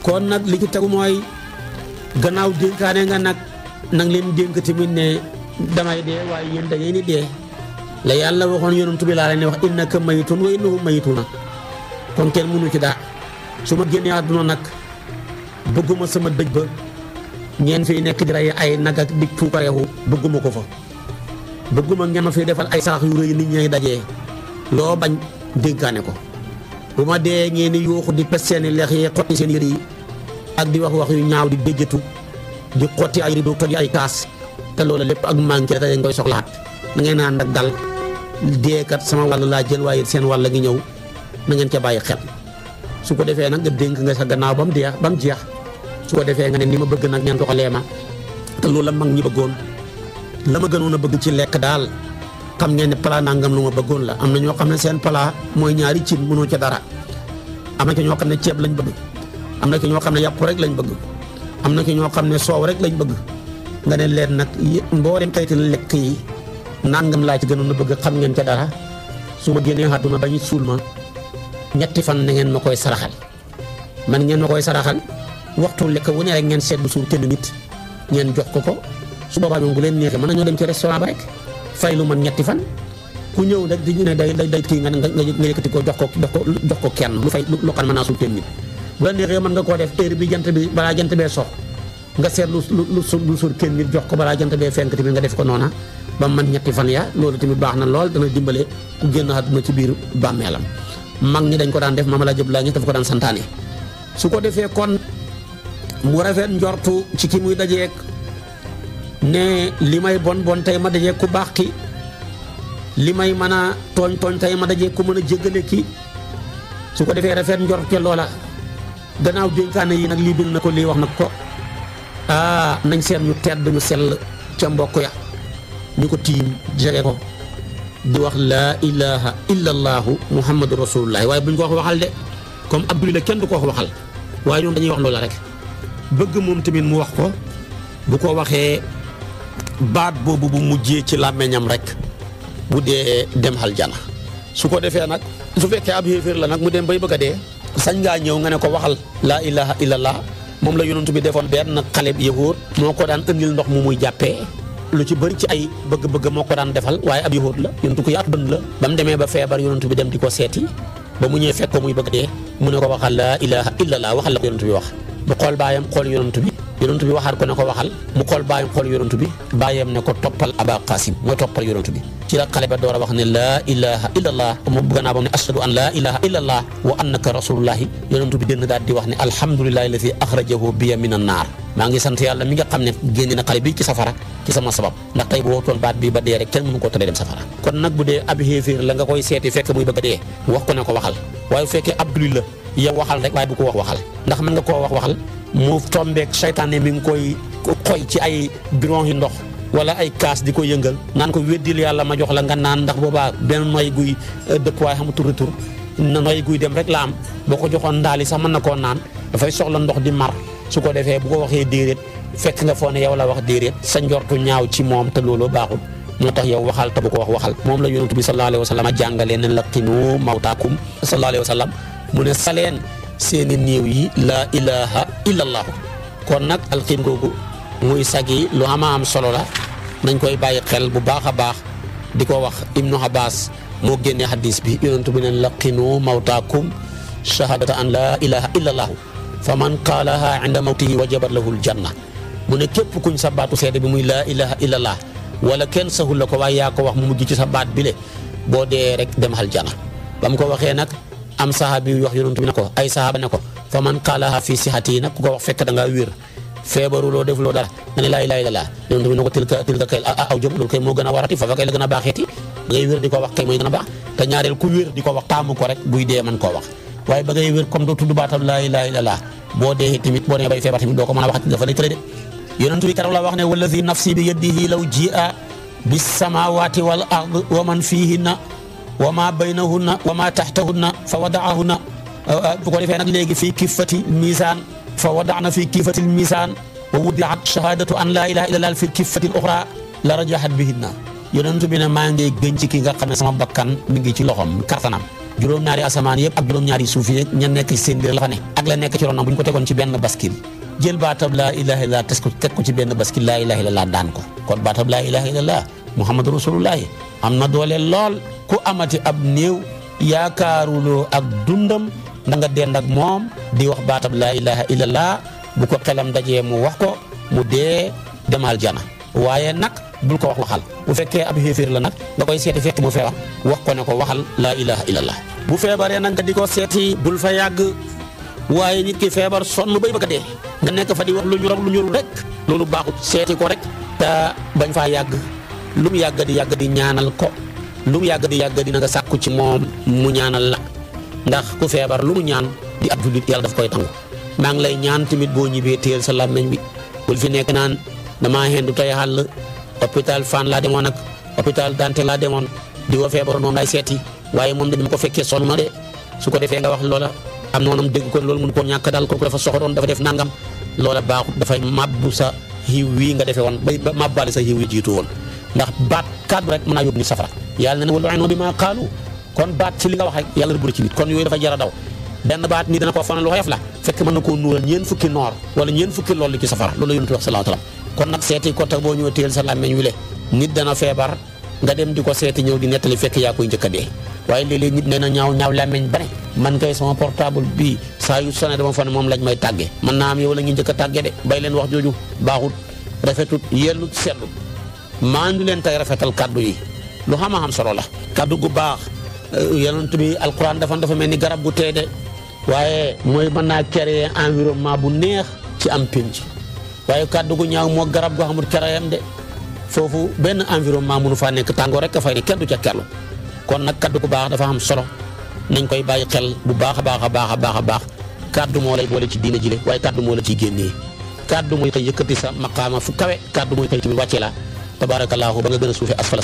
kon nak li ci tegu moy gannaaw dénkaane nga nak nang leen ti tamit ne damay dee way yeen da ngeen ni dee la yàlla waxoon yonent bi laa leen wax innaka maytun wa innahum kon kenn munu ci da suma genn nak bëgguma sama dëj ba ñeen fi nekk di ray ay nag ak di fuukarewu bëgguma ko fa bëgguma ngeen ma fi defal ay sarax yu rëy nit ñay dajee loo bañ dénkaane ko bu ma dee ngeen di yuuxu di pes seeni lex yi xotti seen yëri ak di wax wax yu ñaaw di déjjatu di xotti ay rido toj ay kaas te loola lépp ak manqué te dañ soxlaat da naan ak dal deekat sama wàll laa jël waaye seen wàll gi ñëw na ngeen ca bàyyi xel su ko defee nag nga dénk nga sa gannaaw ba mu jeex ba su defé nga ni ma bëgg nak ñan ko léma té loolu mag ñi bëggoon lama ma gënoon bëgg ci lekk dal xam ngeen ni plan nangam lu ma bëggoon la amna ño ñoo seen plan moy ñaari ci mëno ci dara amna ci ño xam ciëb lañ bëgg amna ci ño xam ne rek lañ bëgg amna ci ño xam soow rek lañ bëgg nga ne leen nak mboolem tayti lekk yi nangam la ci gënoon bëgg xam ngeen ci dara su ma génnee àdduna bañu suul ma ñetti fan na ngeen makoy saraxal man ngeen makoy saraxal waxtu lek wu rek ngeen seddu sun teddu nit ngeen jox ko ko su boobaa ñu bu leen neexee mën dem ci restaurant ba rek fay lu man ñetti fan ku ñew nak di ñu ne day day ki nga nga yëkëti ko jox ko jox ko jox ko kenn lu fay lu kan mën naa suur tëdd nit bu leen neexee man nga ko def heure bi jant bi bala jant be sox nga seet lu lu lu suur kenn nit jox ko bala jant be fenk tamit nga def ko nona ba man ñetti fan ya lolu tamit baax na lool dana dimbalé ku genn génn ma ci biir bamélam mag ñi dañ ko daan def mama la jëb la ñi taf ko daan santane su ko defee kon mu rafet njortu ci ki muy dajeeg ne li may bon bon tey ma dajeeg ku baax ki li may mën a tooñ tooñ tey ma dajeeg ku mën a jéggale ki su ko defee rafet njortu ca loola danaaw dénkaane yi nag lii bind na ko lii wax nag ko ah nañ seet ñu tedd ñu sell ca mbokk ya ñu ko tiim jege ko di wax laa ilaha illa allaahu muhammadu rasulullahi waaye buñ ko wax waxal de comme abdulila kenn du ko wax waxal waaye ñoom dañuy wax loola rek bëgg moom tamit mu wax ko bu ko waxee baat boobu bu mujjee ci làmmeñam rek bu dee dem aljana su ko defee nag su fekkee ab yéeféer la nag mu dem bay bëgg a sañ ngaa ñëw nga ne ko waxal laa ilaha illallah moom la yonent bi defoon benn xale bi yahóor moo ko daan indil ndox mu muy jàppee lu ci bari ci ay bëgg-bëgg moo ko daan defal waaye ab yahóor la yonent ko yaatu dënd la ba mu ba feebar yonent bi dem di ko seeti ba mu ñëwee fekk ko muy bëgg dee mu ne ko waxal laa ilaha illallah waxal la ko yonent bi wax mu xool baayam xool yonantu bi yonantu bi waxaat ko ne ko waxal mu xool baayam xool yonantu bi baayam ne ko toppal Abaa Qaasim mooy toppal yonantu bi ci la xale ba door a wax ne laa ilaha illallah mu bugg naa ba mu ne ashhadu an laa ilaha illallah wa annaka rasulullahi yonentu bi génn daal di wax ne alhamdulillahi alladi axrajahu biya min annaar maa ngi sant yàlla mi nga xam ne génne na xale bi ci safara ci sama sabab ndax tey bu wootoon baat bi ba dee rek kenn mënu koo teree dem safara kon nag bu dee ab xéeféer la nga koy seeti fekk muy bëgg a dee wax ko ne ko waxal waaye bu fekkee abduli la yow waxal rek waaye bu ko wax waxal ndax mën nga koo wax waxal mu tombeek seytaane mi ngi koy xoy ci ay biron yi ndox wala ay kaas di ko nan naan ko weddil yàlla ma jox la nga naan ndax boobaa benn noy guy euh, dëpp waaye xamatul retour na noy guy dem rek la am boo ko joxoon ndaali sax mën na koo naan dafay soxla ndox di mar su ko defee bu ko waxee déedéet fekk nga foo ne yow la wax déedéet sa njortu ñaaw ci moom te looloo baaxul moo yow waxal te bu ko wax waxal moom la bi sallallahu ne laqinu mawtakum sallallahu mu ne saleen yi la ilaha illallah, kon nag alqim googu muy sag yi lu am solo la nañ koy bàyyi xel bu baax a baax di ko wax ibnu Abbas moo génnee hadis bi yonent bi ne laqinu mawtaakum shahadata an laa illa allahu fa man qaalaha inda mawtihi wajabat lahul janna mu ne képp kuñ sa baatu seede bi muy laa illa allah wala kenn sahul la ko waaye yaa ko wax mu mujj ci sa baat bi le boo dee rek dem aljana ba mu ko waxee nag am saxaabi yu wax yonent bi ne ko ay saxaaba ne ko fa man qaalaha fi sihati na ku ko wax fekk da ngaa wér feebaruloo defuloo dara nga ne laay laay la laa yoon tamit na ko a tilta kay ah, ah, aw jëm loolu kay moo gën a warati fafa kay la gën a baaxeeti ba ngay wér di ko wax kay mooy gën a baax te ñaareel ku wér di ko wax taamu ko rek buy dee man koo wax waaye ba ngay wér comme doo tudd baatam laay laay la boo dee tamit boo nee bay feebar tamit doo ko mën a waxati dafa lay tëre de yonent bi keroog la wax ne wallazi nafsi bi yadihi law jia bis fa wadana fi kiifatil misaan wa wudiat shahadatu an laa ilaha illallah fi kiifatil uxra la rajahat bihinna yonentu bi ne maa ngi gën ci ki nga xam ne sama bakkan mi ngi ci loxom kartanam juróom-ñaari asamaan yëpp ak juróom-ñaari suuf yi ña nekk ci seen biir la fa ne ak la nekk ci ronam bu ñu ko tegoon ci benn baskil jël baatab laa ilaha illallah tes ko teg ko ci benn baskil laa ilaha illallah daan ko kon baatab laa ilaha illallah muhammadu na doole lool ku amati ab néew yaakaaruloo na nga dend ak mom di wax baatab la ilaha illallah bu ko xelam dajee mu wax ko mu dee demal jana waye nak bu ko wax waxal bu fekke ab la nak da koy seeti fekk mu fe wax ko ne ko waxal la ilaha illallah bu febaré nak diko seti bul fa yag waye nit ki febar sonu bay bëgg a nga nek fa di wax lu ñu lu ñu rek lolu baxu ko rek ta bañ fa yag lu mu di yag di ñaanal ko lu mu di yag di nga sakku ci mom mu ñaanal la ndax ku febar lu mu ñaan di ab julit yalla daf koy tang ma ngi lay ñaan timit bo ñibbee teel sa lamagne bi bu fi nek naan dama hendu tay hal hôpital fan la demone ak hôpital dante la demone di wa febar mom lay setti waye mom dañ ko fekke sonn ma de su ko defé nga wax lola am nonam dégg ko loolu mun koo ñàkk daal ko dafa soxoron dafa def nangam loola baaxut dafay mabbu sa xiw nga defé won bay mabbal sa xiw yi jiitu woon ndax bat kat rek mëna yobni safara yalla na wala bi ma kon baat ci li nga wax ak yalla rëbbul ci nit kon yoy dafa jara daw ben baat ni dana ko fanal lu la fekk man ko koo ñeen fukki noor wala ñeen fukki loolu ci safara lolu yoonu wax sallallahu alaihi wasallam kon nak seti ko tax bo ñu teel sa wile nit dana febar, nga dem di seti ñew di netali fekk ya koy njëkk a dee nit neena ñaaw ñaaw làmmeñ ba ne man kay sama portable bi sa yu sone dama fa mom moom lañ may tàggee man naa am yow la ñu njëkk a tàggee de bay leen wax joju baaxut rafetut yelut sellu maandu leen tay rafetal kaddu yi lu xama xam solo la kaddu gu baax Eh, yonentou bi alquran dafa dafa melni ni garab bu tede de moy mooy mën naa créer environnement bu neex ci am penc waye kaddu gu ñaaw mo garab goo xamul créer de fofu ben environnement nu fa nek tango rek a fay ni kenn du ca kerlu kon nak kaddu gu baax dafa am solo nañ koy baye xel bu baaxa baaxa baaxa baaxa baax kaddu mo lay bolé ci diina le waye kaddu mo la ci génnee kaddu moy tay yëkëti sa maqama fu kawé kaddu moy tay ci wacce la tabarakallah ba nga gëna asfal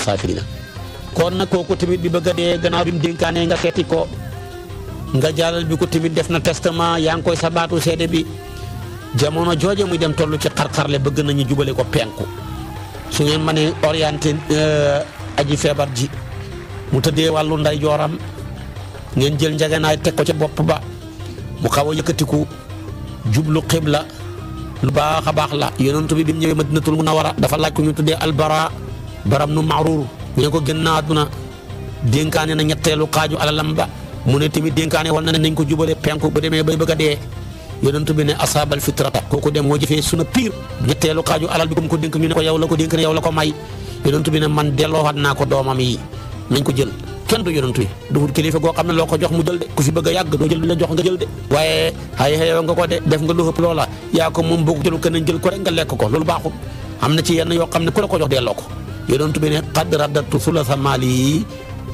kon nag kooku tamit bi bëgga dee gannaaw bi mu dénkaanee nga seeti ko nga jàllal bi ko tamit def na testament yaa ngi koy sabaatu seede bi jamono jooje muy dem tollu ci xarxarle xarle bëgg nañu jubale ko penku su ngeen mënee orienté euh, aji feebar ji mu tëddee wàllu nday jooram ngeen jël njaganaay teg ko ca bopp ba mu xaw a yëkkatiku jublu xibla lu baax a baax la yonent bi bi mu ñëwee madinatul munawara dafa laaj ko ñu tuddee albara baram nu maaruur ñu ne ko génn na àdduna dénkaane na ñetteelu xaaju alalam ba mu ne tamit dénkaane wal na ne nañ ko jubale penku bu demee ba bëgg a dee yonent bi ne asaabal fitrata ko dem moo jëfee suna piir ñetteelu xaaju alal bi ko dénk ñu ne ko yow la ko dénk ne yow la ko may yonent bi ne man delloowaat naa ko doomam yi nañ ko jël kenn du yonent bi duhul kilifa goo xam ne loo ko jox mu jël de ku fi bëgg yàgg doo jël du la jox nga jël de waaye xaye xeyow nga de nga lu ëpp loola yaa ko moom boo ko jëlu nañ jël ko rek nga lekk ko loolu baaxul am na ci yoo xam ne ku la ko jox delloo ko yonent bi ne qad raddatu sulasa maalihi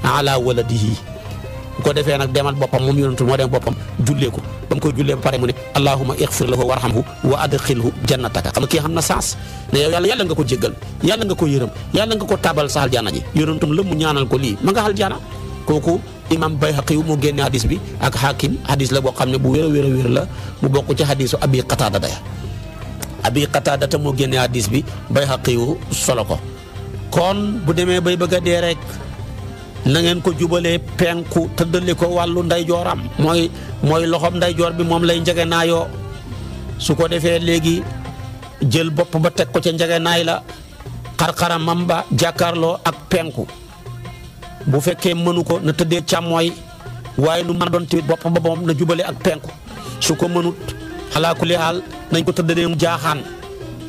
ala waladihi bu ko defee nag demal boppam moom yonent bi moo dem boppam jullee ko ba mu koy jullee ba pare mu ne allahuma ixfir lahu warhamhu wa adxilhu jannataka xam nga kii xam na sens ne yow yàlla yàlla nga ko jéggal yàlla nga ko yërëm yàlla nga ko tabal sa aljaana ji yonentum la mu ñaanal ko lii ma nga aljaana kooku imam bayhaqi yu moo génne hadis bi ak hakim hadis la boo xam ne bu wér a wér a wér la mu bokk ci hadisu abi qataada daya abi qataada ta moo génne hadis bi bayhaqi yu solo ko kon bu demee bay bëgg a dee rek na ngeen ko jubalee penku tëddali ko wàllu ndeyjooram mooy mooy loxom ndeyjoor bi moom lay njegenaayoo su ko defee léegi jël bopp ba teg ko ca njegenaay la xarxaramam ba jàkkaarloo ak penku bu fekkee mënu ko na tëddee càmmooy waaye lu man a doon tamit bopp ba moom na jubalee ak penku su ko mënut xalaa kulli haal nañ ko tëddalee mu jaaxaan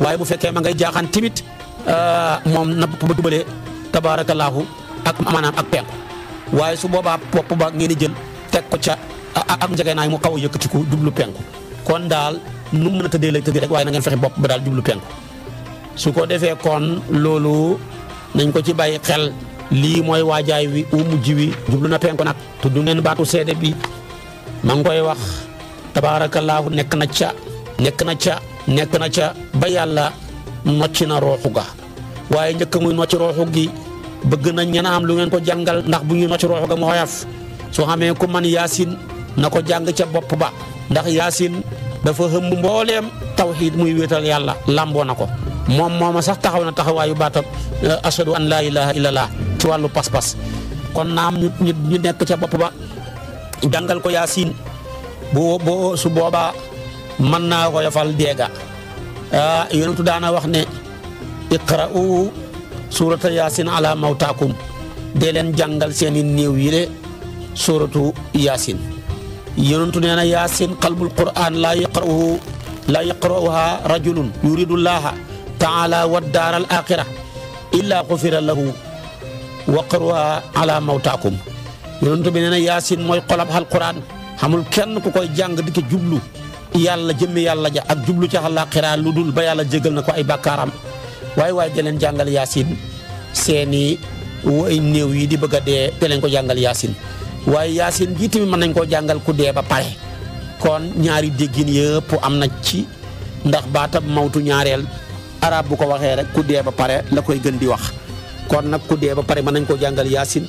waaye bu fekkee ma ngay jaaxaan timit Euh, moom na bopp ba dubalee tabaarakallaahu ak maanaam ak penku waaye su boobaa bopp ba ngeen di jël teg ko ca ak njëgënaay mu kaw a yëkkatiku jublu penku kon daal nu mu mën a tëddee lay tëddee rek waaye na ngeen fexe bopp ba daal jublu penku su ko defee kon loolu nañ ko ci bàyyi xel lii mooy waajaay wi u mujj wi jublu na penku nag tudd ngeen baatu seede bi ma ngi koy wax tabaarakallaahu nekk na ca nekk na ca nekk na ca ba yàlla nocci na roxu ga waye njëkk muy nocci roxu gi bëgg nañ ngeen am lu ngeen ko jangal ndax bu ñu nocci roxu ga mo xoyaf so xamee ku man yasin nako jang ci bop ba ndax yasin dafa hëmb mbooleem tawhid muy wéetal yalla lambo nako mom moma sax taxaw na taxawayu baatab eh, ashadu an la ilaha illallah ci walu pas-pas kon naam ñu ñu nekk ci bop ba jangal ko yasin bo bo su boba man na ko yafal dega Ah, yonentu daana wax ne iqra'u suurata yaasin ala mawtaakum dee leen jàngal seeni néew yi le suuratu yaasin yonentu nee na yaasin qalbul qur'an laa yaqra'uhu laa rajulun yuridu taala wa daar al axira xufira lahu waqruha ala mawtaakum yonentu bi nee na yaasin mooy xolab alquran xamul kenn ku koy jàng di ko jublu yalla jëm yalla ja ak djublu ci àllaaxira lu ludul ba yalla djegal nako ay bakaram way way di leen jàngal yaasin seeni way new yi di bëgg a dee di ko jangal yasin way yasin gi timi man nañ ko jangal ku ba pare kon ñaari déggin yëpp amna ci ndax batam mautu ñaarel arab bu ko waxee rek ku ba pare la koy gën di wax kon nak ku dee ba pare man nañ yasin, jangal yasin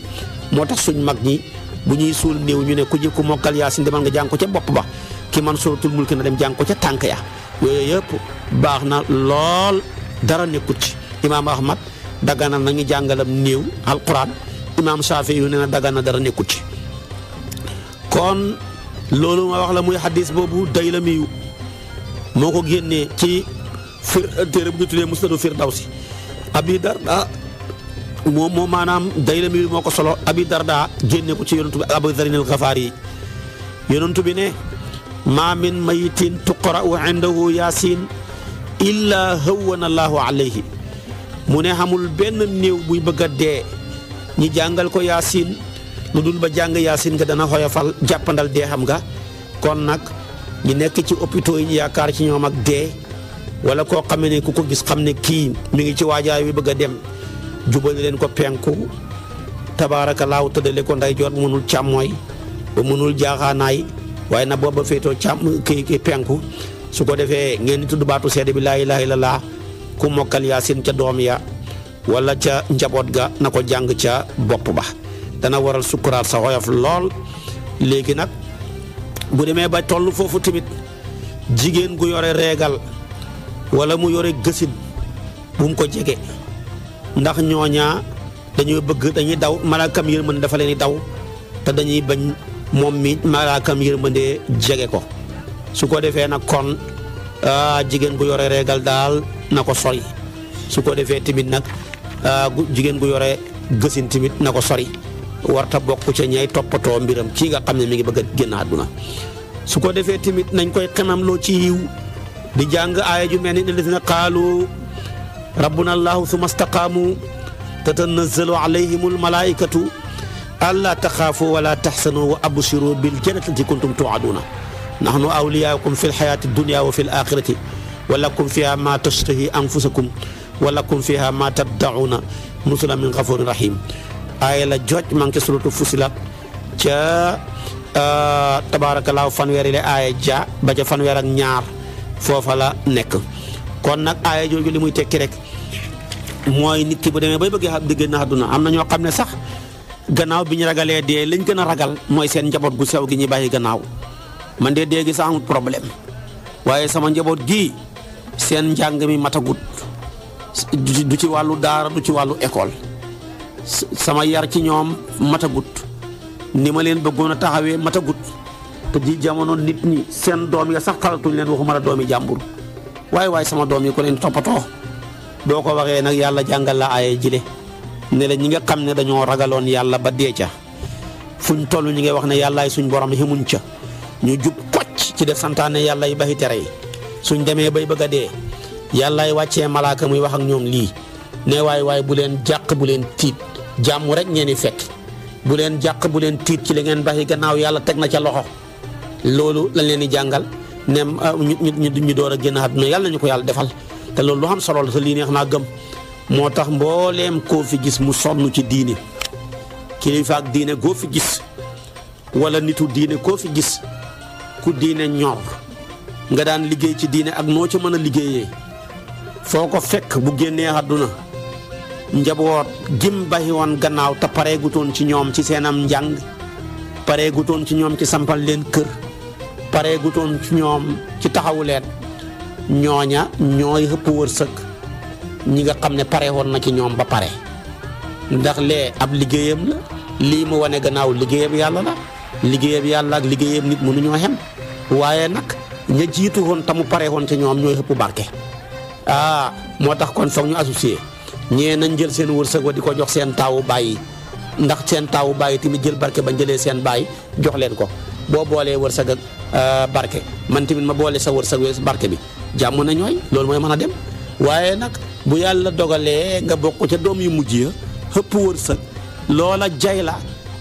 motax bunyi suñ mag ni bu ñuy suul néew ñu ne ku jikko mokal yasin demal nga jang ko ci bop ba ki man suratul mulk na dem jàng ko ca tank ya yooyu yep baxna lol dara nekut ci imam ahmad dagana na ngi jangalam new alquran imam safi yu na dagana dara nekut ci kon lolou ma wax la muy hadis bobu day miyu moko ko ci fir téere bu tudé tuddee musnadu firdawsi abi darda mo mo manam day miyu moko solo abi darda genné ko ci yonentou abi abu al ghafari yonentou bi ne ma min mayitin tuqra'u indahu yaasiin illaa hawwana allahu alayhi mu ne xamul benn néew buy bëgg a dee ñi jàngal ko yaasiin lu dul ba jàng yaasiin nga dana xoyofal jàppandal dee xam nga kon nag ñi nekk ci hôpitaux yi ñu yaakaar ci ñoom ak dee wala koo xamee ne ku ko gis xam ne kii mu ngi ci waajaay wi bëgg a dem jubale leen ko penku tabaaraka laaw tëddale ko ndeyjoor bu mënul càmmooy ba mënul jaaxaanaay waye na bobu feto cham ke ke penku su ko defee ngeen di tudd baatu bi la ilaha illallah ku mokal yasin ca dom ya wala ca njabot ga nako jang ca bop ba dana waral sukkuraat sa hoyof lol léegi nak bu demee ba tollu fofu timit jigen gu yore reegal wala mu yore gësin bu mu ko jege ndax ñoña dañu bëgg dañuy daw malaakam yërmande dafa leni daw ta dañuy bañ moom mi malaakam yërmande jege ko su ko defee nag kon jigéen bu yore régal daal na ko sori su ko defee tamit nag jigéen bu yore gësin tamit na ko sori warta bokk ca ñay toppatoo mbiram kii nga xam ne mi ngi bëgg a génn aduna su ko defee tamit nañ koy loo ci yiw di jàng aaya ju mel ni alladina qaalu rabbuna allahu summa staqaamu tatanazzalu alayhimul malaikatu ألا تخافوا ولا تحزنوا وأبشروا بالجنة التي كنتم توعدون نحن أولياؤكم في الحياة الدنيا وفي الآخرة ولكم فيها ما تشتهي أنفسكم ولكم فيها ما تبدعون نزلا من غفور رحيم آية لا من كسرة سورة جاء تبارك الله فنوير إلى آية جاء بجاء فنوير النار فوفلا نك كون نك آية nag aaya jooju li muy tekki rek mooy nit ki bu demee bay bëgg a xam gannaaw bi ñu ragalee dee lañ gën a ragal mooy seen njaboot gu sew gi ñu bàyyi gannaaw man de dee gi sax amut problème waaye sama njaboot gii seen njàng mi matagut du ci wàllu daara du ci wàllu école sama yar ci ñoom matagut ni ma leen bëggoon a taxawee matagut te ji jamono nit ñi seen doom ya sax xalatuñ leen waxuma la doomi jàmbur waaye waaye sama doom yi ko leen toppatoo doo ko waxee nag yàlla jàngal la aaye jile ne la ñi nga xam ne dañoo ragaloon yàlla ba dee ca fu ñu toll ñi ngay wax ne yàllaay suñ borom xemuñ ca ñu jub kocc ci def santaane yàlla yi baxi tere yi suñ demee bay bëgg a dee yàllaay wàccee malaaka muy wax ak ñoom lii ne waay waay bu leen jàq bu leen tiit jàmm rek ngeen di fekk bu leen jàq bu leen tiit ci li ngeen baxi gannaaw yàlla teg na ca loxo loolu lañ leen di jàngal ne ah, ñu ñu door a génn àdduna yàlla ñu ko yàlla defal te loolu lu xam solo la lii neex naa gëm motax mbollem ko fi gis mu sonu ci diine kilifa ak diine go fi gis wala nitu diine kofigis, fi gis ku diine ñor nga daan liggey ci diine ak no ci mën a foko fekk bu génnee aduna njabot gim bahi won gannaaw paré pareegutoon ci ñom ci seenam paré pareegutoon ci ñom ci sampal leen kër pareegutoon ci ñom ci taxawulen ñoña ñoy hepp ñi nga xam ne pare woon na ci ñoom ba pare ndax lee ab liggéeyam la lii mu wane gannaaw liggéeyam yàlla la liggéeyam yàlla ak liggéeyam nit mënuñoo xem waaye nag ña jiitu woon te mu pare woon ci ñoom ñooy xëpp barke. ah moo tax kon foog ñu associé ñee nañ jël seen wërsëg wa di ko jox seen taawu bàyyi ndax seen taawu bàyyi tamit jël barke ba jëlee seen baay jox leen ko boo boolee wërsëg ak ah, barke man tamit ma boole sa wërsëg weesu barke bi jàmm na ñooy loolu mooy mën a dem. waaye nag bu yàlla dogalee nga bokk ca doom yu mujj ya xëpp wërsëg loola jay la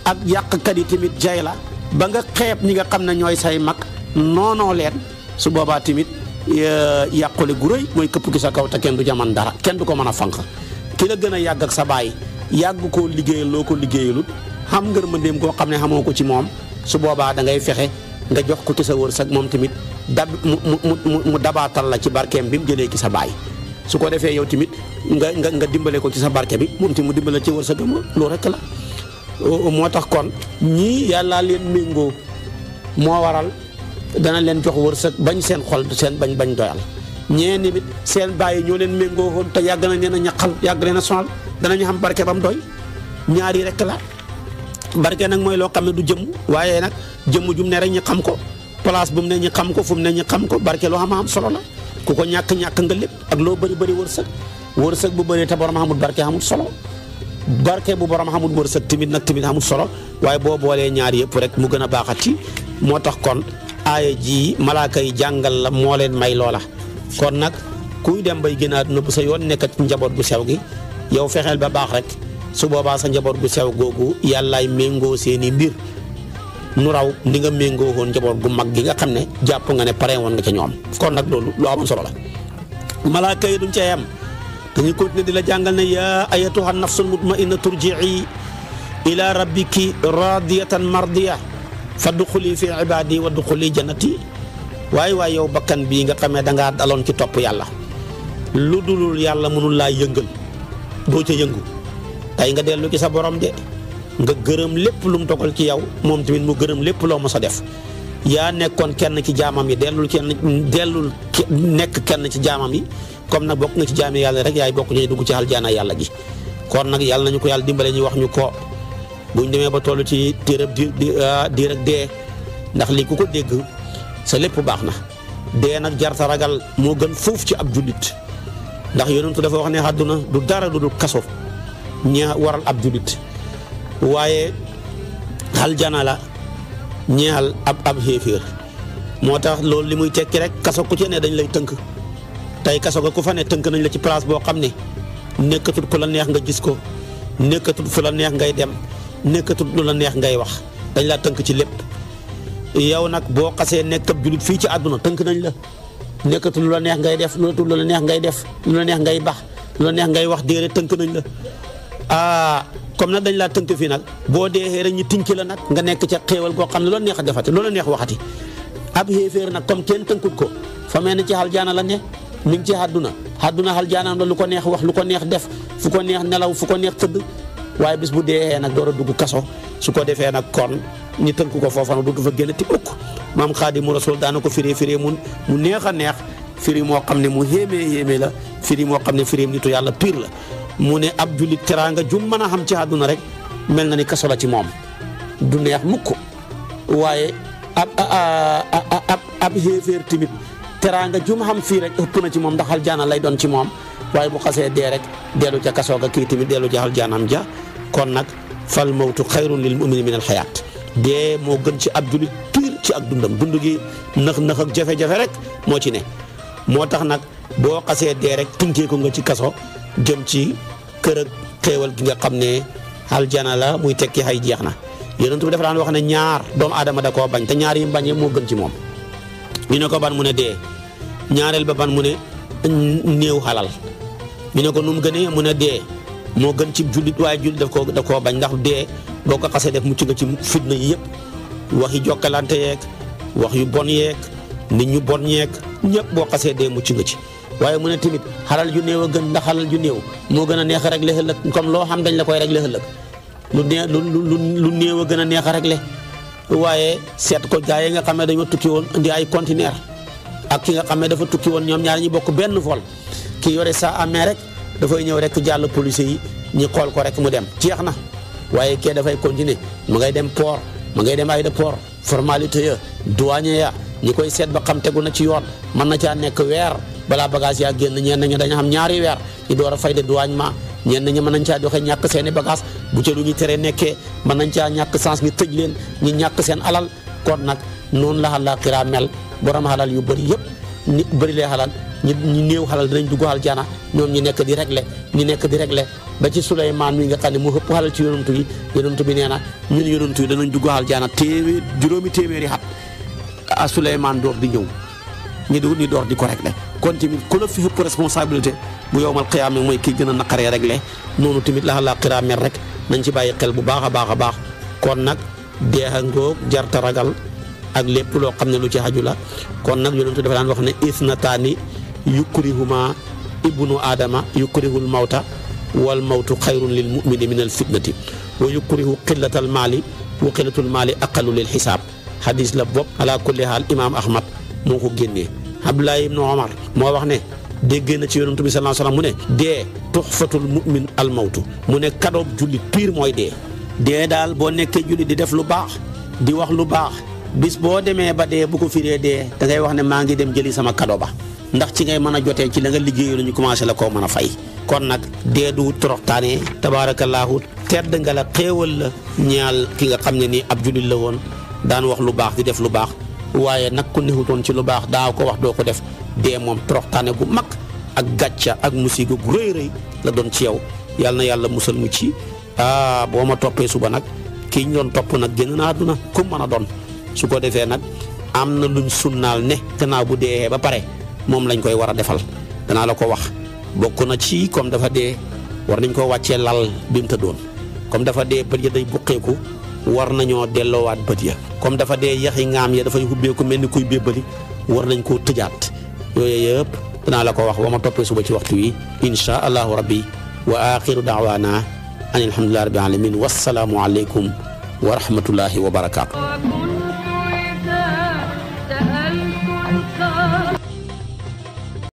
ak yàqkat yi tamit jay la ba nga xeeb ñi nga xam ne ñooy say mag noonoo leen su boobaa tamit euh, yàqule gu rëy mooy këpp ki sa kaw te kenn du jaman dara kenn du ko mën a fanq ki la gën a yàgg ak sa baay yàgg koo liggéeyal loo ko liggéeyalut xam ngërmandeem koo xam ne xamoo ko ci moom su boobaa dangay fexe nga jox ko ci sa wërsëg moom tamit dab mu mu mu dabaatal la ci barkeem bi mu jëlee ci sa baay su ko defee yow tamit nga nga nga dimbale ko ci sa barke bi moom tamit mu dimbale ci wërsëgam loolu rekk la moo tax kon ñii yàllaa leen méngoo moo waral dana leen jox war wërsëg bañ seen xol seen bañ bañ doyal ñeen nit seen bàyyi ñoo leen méngoo woon te yàgg nañ leen a ñaqal yàgg leen a sonal xam barke ba mu doy ñaari rek la barke nag mooy loo xam ne du jëmm waaye nag jëmm jum ne rek ñu xam ko place bu mu ne ñu xam ko fu ne ñu xam ko barke loo xam am solo la. ku ko ñàkk ñàkk nga lépp ak loo bëri bëri wërsëg wërsëg bu bëree te borom amul barke amul solo barke bu borom amul wërsëg tamit nag tamit amul solo waaye boo boolee ñaar yëpp rek mu gën a baaxati moo tax kon aaye ji malaakay jàngal la moo leen may loola kon nag kuy dem bay gën a àdduna bu sa yoon nekkat njaboot bu sew gi yow fexeel ba baax rek su boobaa sa njaboot bu sew googu yàllaay méngoo seeni mbir Nurau raw ni nga mengo hon jabor gu mag gi nga xamne ne nga ne pare won nga ci ñoom kon nak lolu lo am solo la malaaka yi duñ ci yam dañu ko ne dila ya jangal ne yaa ayatuha nafsul mutmainna turjii ila rabbiki radiyatan mardiya fadkhuli fi ibadi wadxuli jannati way way yow bakkan bi nga xamé da nga dalon ci top Yalla, ludulul Yalla munul la yeungal do ci yeungu tay nga delu ci sa borom de nga gërëm lépp lu mu dogal ci yow moom tamit mu gërëm lépp loo mos a def yaa nekkoon kenn ci jaamam yi dellul kenn dellul nekk kenn ci jaamam yi comme nag bokk nga ci jaami yàlla rek yaay bokk ñuy dugg ci aljaana yàlla gi kon nag yàlla nañu ko yàlla dimbale ñu wax ñu ko buñ demee ba toll ci diirab di ah, diir ndax li ku ko dégg sa lépp baax na dee nag jarta ragal moo gën foofu ci ab jullit ndax yonentu dafa wax ne àdduna du dara du dul kaso ña waral ab jullit waaye aljana la ñeexal ab ab xéeféer moo tax loolu li muy tekki rek kaso ku ci ne dañ lay tënk tey kaso ga ku fa ne tënk nañ la ci place boo xam ne nekkatut ku la neex nga gis ko nekkatut fu la neex ngay dem nekkatut lu la neex ngay wax dañ laa tënk ci lépp yow nag boo xasee nekk ab fii ci àdduna tënk nañ la nekkatu la neex ngay def lu la neex ngay def lu neex ngay bax lu la neex ngay wax déere tënk nañ la ah comme nag dañ laa tënk fii nag boo dee rek ñu tinki la nag nga nekk ca xéewal goo xam ne loolu neex a ci loolu neex waxati ab xéeféer nag comme kenn tënkut ko fa mel ne ci xal jaana la ne mi ngi ci àdduna àdduna xal jaanaam lu ko neex wax lu ko neex def fu ko neex nelaw fu ko neex tëdd waaye bis bu dee nag door dugg kaso su ko defee nag kon ñu tënk ko foofa nag du fa génn ti ukk maam Xaadimu Rasuul daana ko firee firee mu mu neex a neex firi moo xam ne mu yéemee yéemee la firi moo xam ne firi nitu yàlla pire la mu ne ab jullit teraanga jum mën a xam ci àdduna rek mel na ni kaso la ci moom du neex mukk waaye ab ab ab xéeféer tamit teraanga jum xam fii rek ëpp na ci moom ndax jaana lay doon ci moom waaye bu xasee dee rek dellu ca kasoo ga kii tamit dellu ca jaanam ja kon nag fal mawtu xayrun lil mumini min al xayaat dee moo gën ci ab jullit piir ci ak dundam dund gi nax nax ak jafe-jafe rek moo ci ne moo tax nag boo xasee dee rek tënkee ko nga ci kaso jëm ci kër ak xéewal gi nga xam ne aljana la muy tekki xay jeex na yonent bi dafa daan wax ne ñaar doomu aadama da koo bañ te ñaar yi mu moo gën ci moom ñu ne ko ban mu ne dee ñaareel ba ban mu ne néew xalal ñu ne ko nu mu gënee mu ne dee moo gën ci jullit waaye jullit daf koo da koo bañ ndax dee boo ko xasee def mucc nga ci fitna yi yëpp wax yi jokkalante yeeg wax yu bon yeeg nit ñu bon yeeg ñëpp boo xasee dee mucc nga ci waye mu ne tamit xalal ju néew gën ndax xaral ju néew mo gëna neex rek réglé ëllëg comme lo xam dañ la koy réglé ëllëg lu lu lu lu néew gëna neex rek le waye set ko jaay yi nga xamé dañu tukki won indi ay container ak ki nga xamé dafa tukki won ñom ñaar ñi bokk benn vol ki yore sa amé rek fay ñew rek jall police yi ñi xol ko rek mu dem jeexna waye ke da fay continuer mu ngay dem port ma ngay dem port formalité ya douanier ya ñi koy set ba xam teguna ci yoon man na ca nek werr bala bagage ya genn ñen ñu dañu xam ñaari weer ci door fay de douane ma ñen ñu mënañ ca joxe ñak seen bagage bu ci lu ñu tere nekkee mën nañ caa sens leen ñu ñak seen alal kon nak non la qira mel borom halal yu bari yëpp ni bari lee halal ñi neew halal dañ dugg hal jana ñoom ñu nekk di régler ñi nekk di régler ba ci sulayman mi nga xam mu ëpp halal ci yonantu yi yonantu bi neena ñu ñun yi dañ dugg jana téwé juroomi téeméeri xat a sulayman door di ñëw ñu di door di ko régler kon tamit ku la fi ëpp responsabilité bu yowmal xiyaame mooy kii gën a naqaree réglé noonu tamit la la xiraamer rek nañ ci bàyyi xel bu baax a baax a baax kon nag deexa ngoog jarta ragal ak lépp loo xam ne lu ci xaju la kon nag yonentu dafa daan wax ne isnataani yukrihuma ibnu aadama yukrihul mawta wal mawtu xayrun lil mumini min al fitnati wa yukrihu al maali wa qillatul maali aqalu lil xisaab xadis la bopp ala kulli haal imam ahmad moo ko génnee Abdullah ibnu Omar moo wax ne dégg na ci yoonu bi sallallahu alayhi wasallam mu ne dee tuxfatul mu'min al mawtu mu ne kadoo jullit piir mooy dee dee daal boo nekkee jullit di def lu baax di wax lu baax bis boo demee ba dee bu ko firee dee dangay wax ne maa ngi dem jëli sama kado ba ndax ci ngay mën a jotee ci la nga liggéeyoo la ñu commencé la koo mën a fay kon nag dee du toroxtaane tabaarakallaahu tedd nga la xéewal la ñaal ki nga xam ne nii ab jullit la woon daan wax lu baax di def lu baax waye nak ku nexutoon ci lu bax da ko wax do ko def dee moom toroxtaane gu mak ak gatcha ak musiba gu reey reey la don ci yow yalna yalla musal mu ci ah boo ma toppee suba nak ki ñu doon topp nak génn na ku mëna don su ko defé nak am luñ sunnal ne dana bu dee ba pare wara lañ koy wara defal dana la ko wax bokku na ci comme dafa dee war nañ ko waccé lal bimu ta tëddoon comme dafa dee bëri ya day buqeeku war nañu delo wat beut ya comme dafa dé yahi ngam ya dafa hubbeeku ko melni kuy bébbali war nañ ko tëjaat yoy yëpp dana la ko wax wama topé suba ci waxtu wi insha allah rabbi wa akhir da'wana anil hamdulillahi rabbil alamin wassalamu aleykum wa rahmatullahi wa barakatuh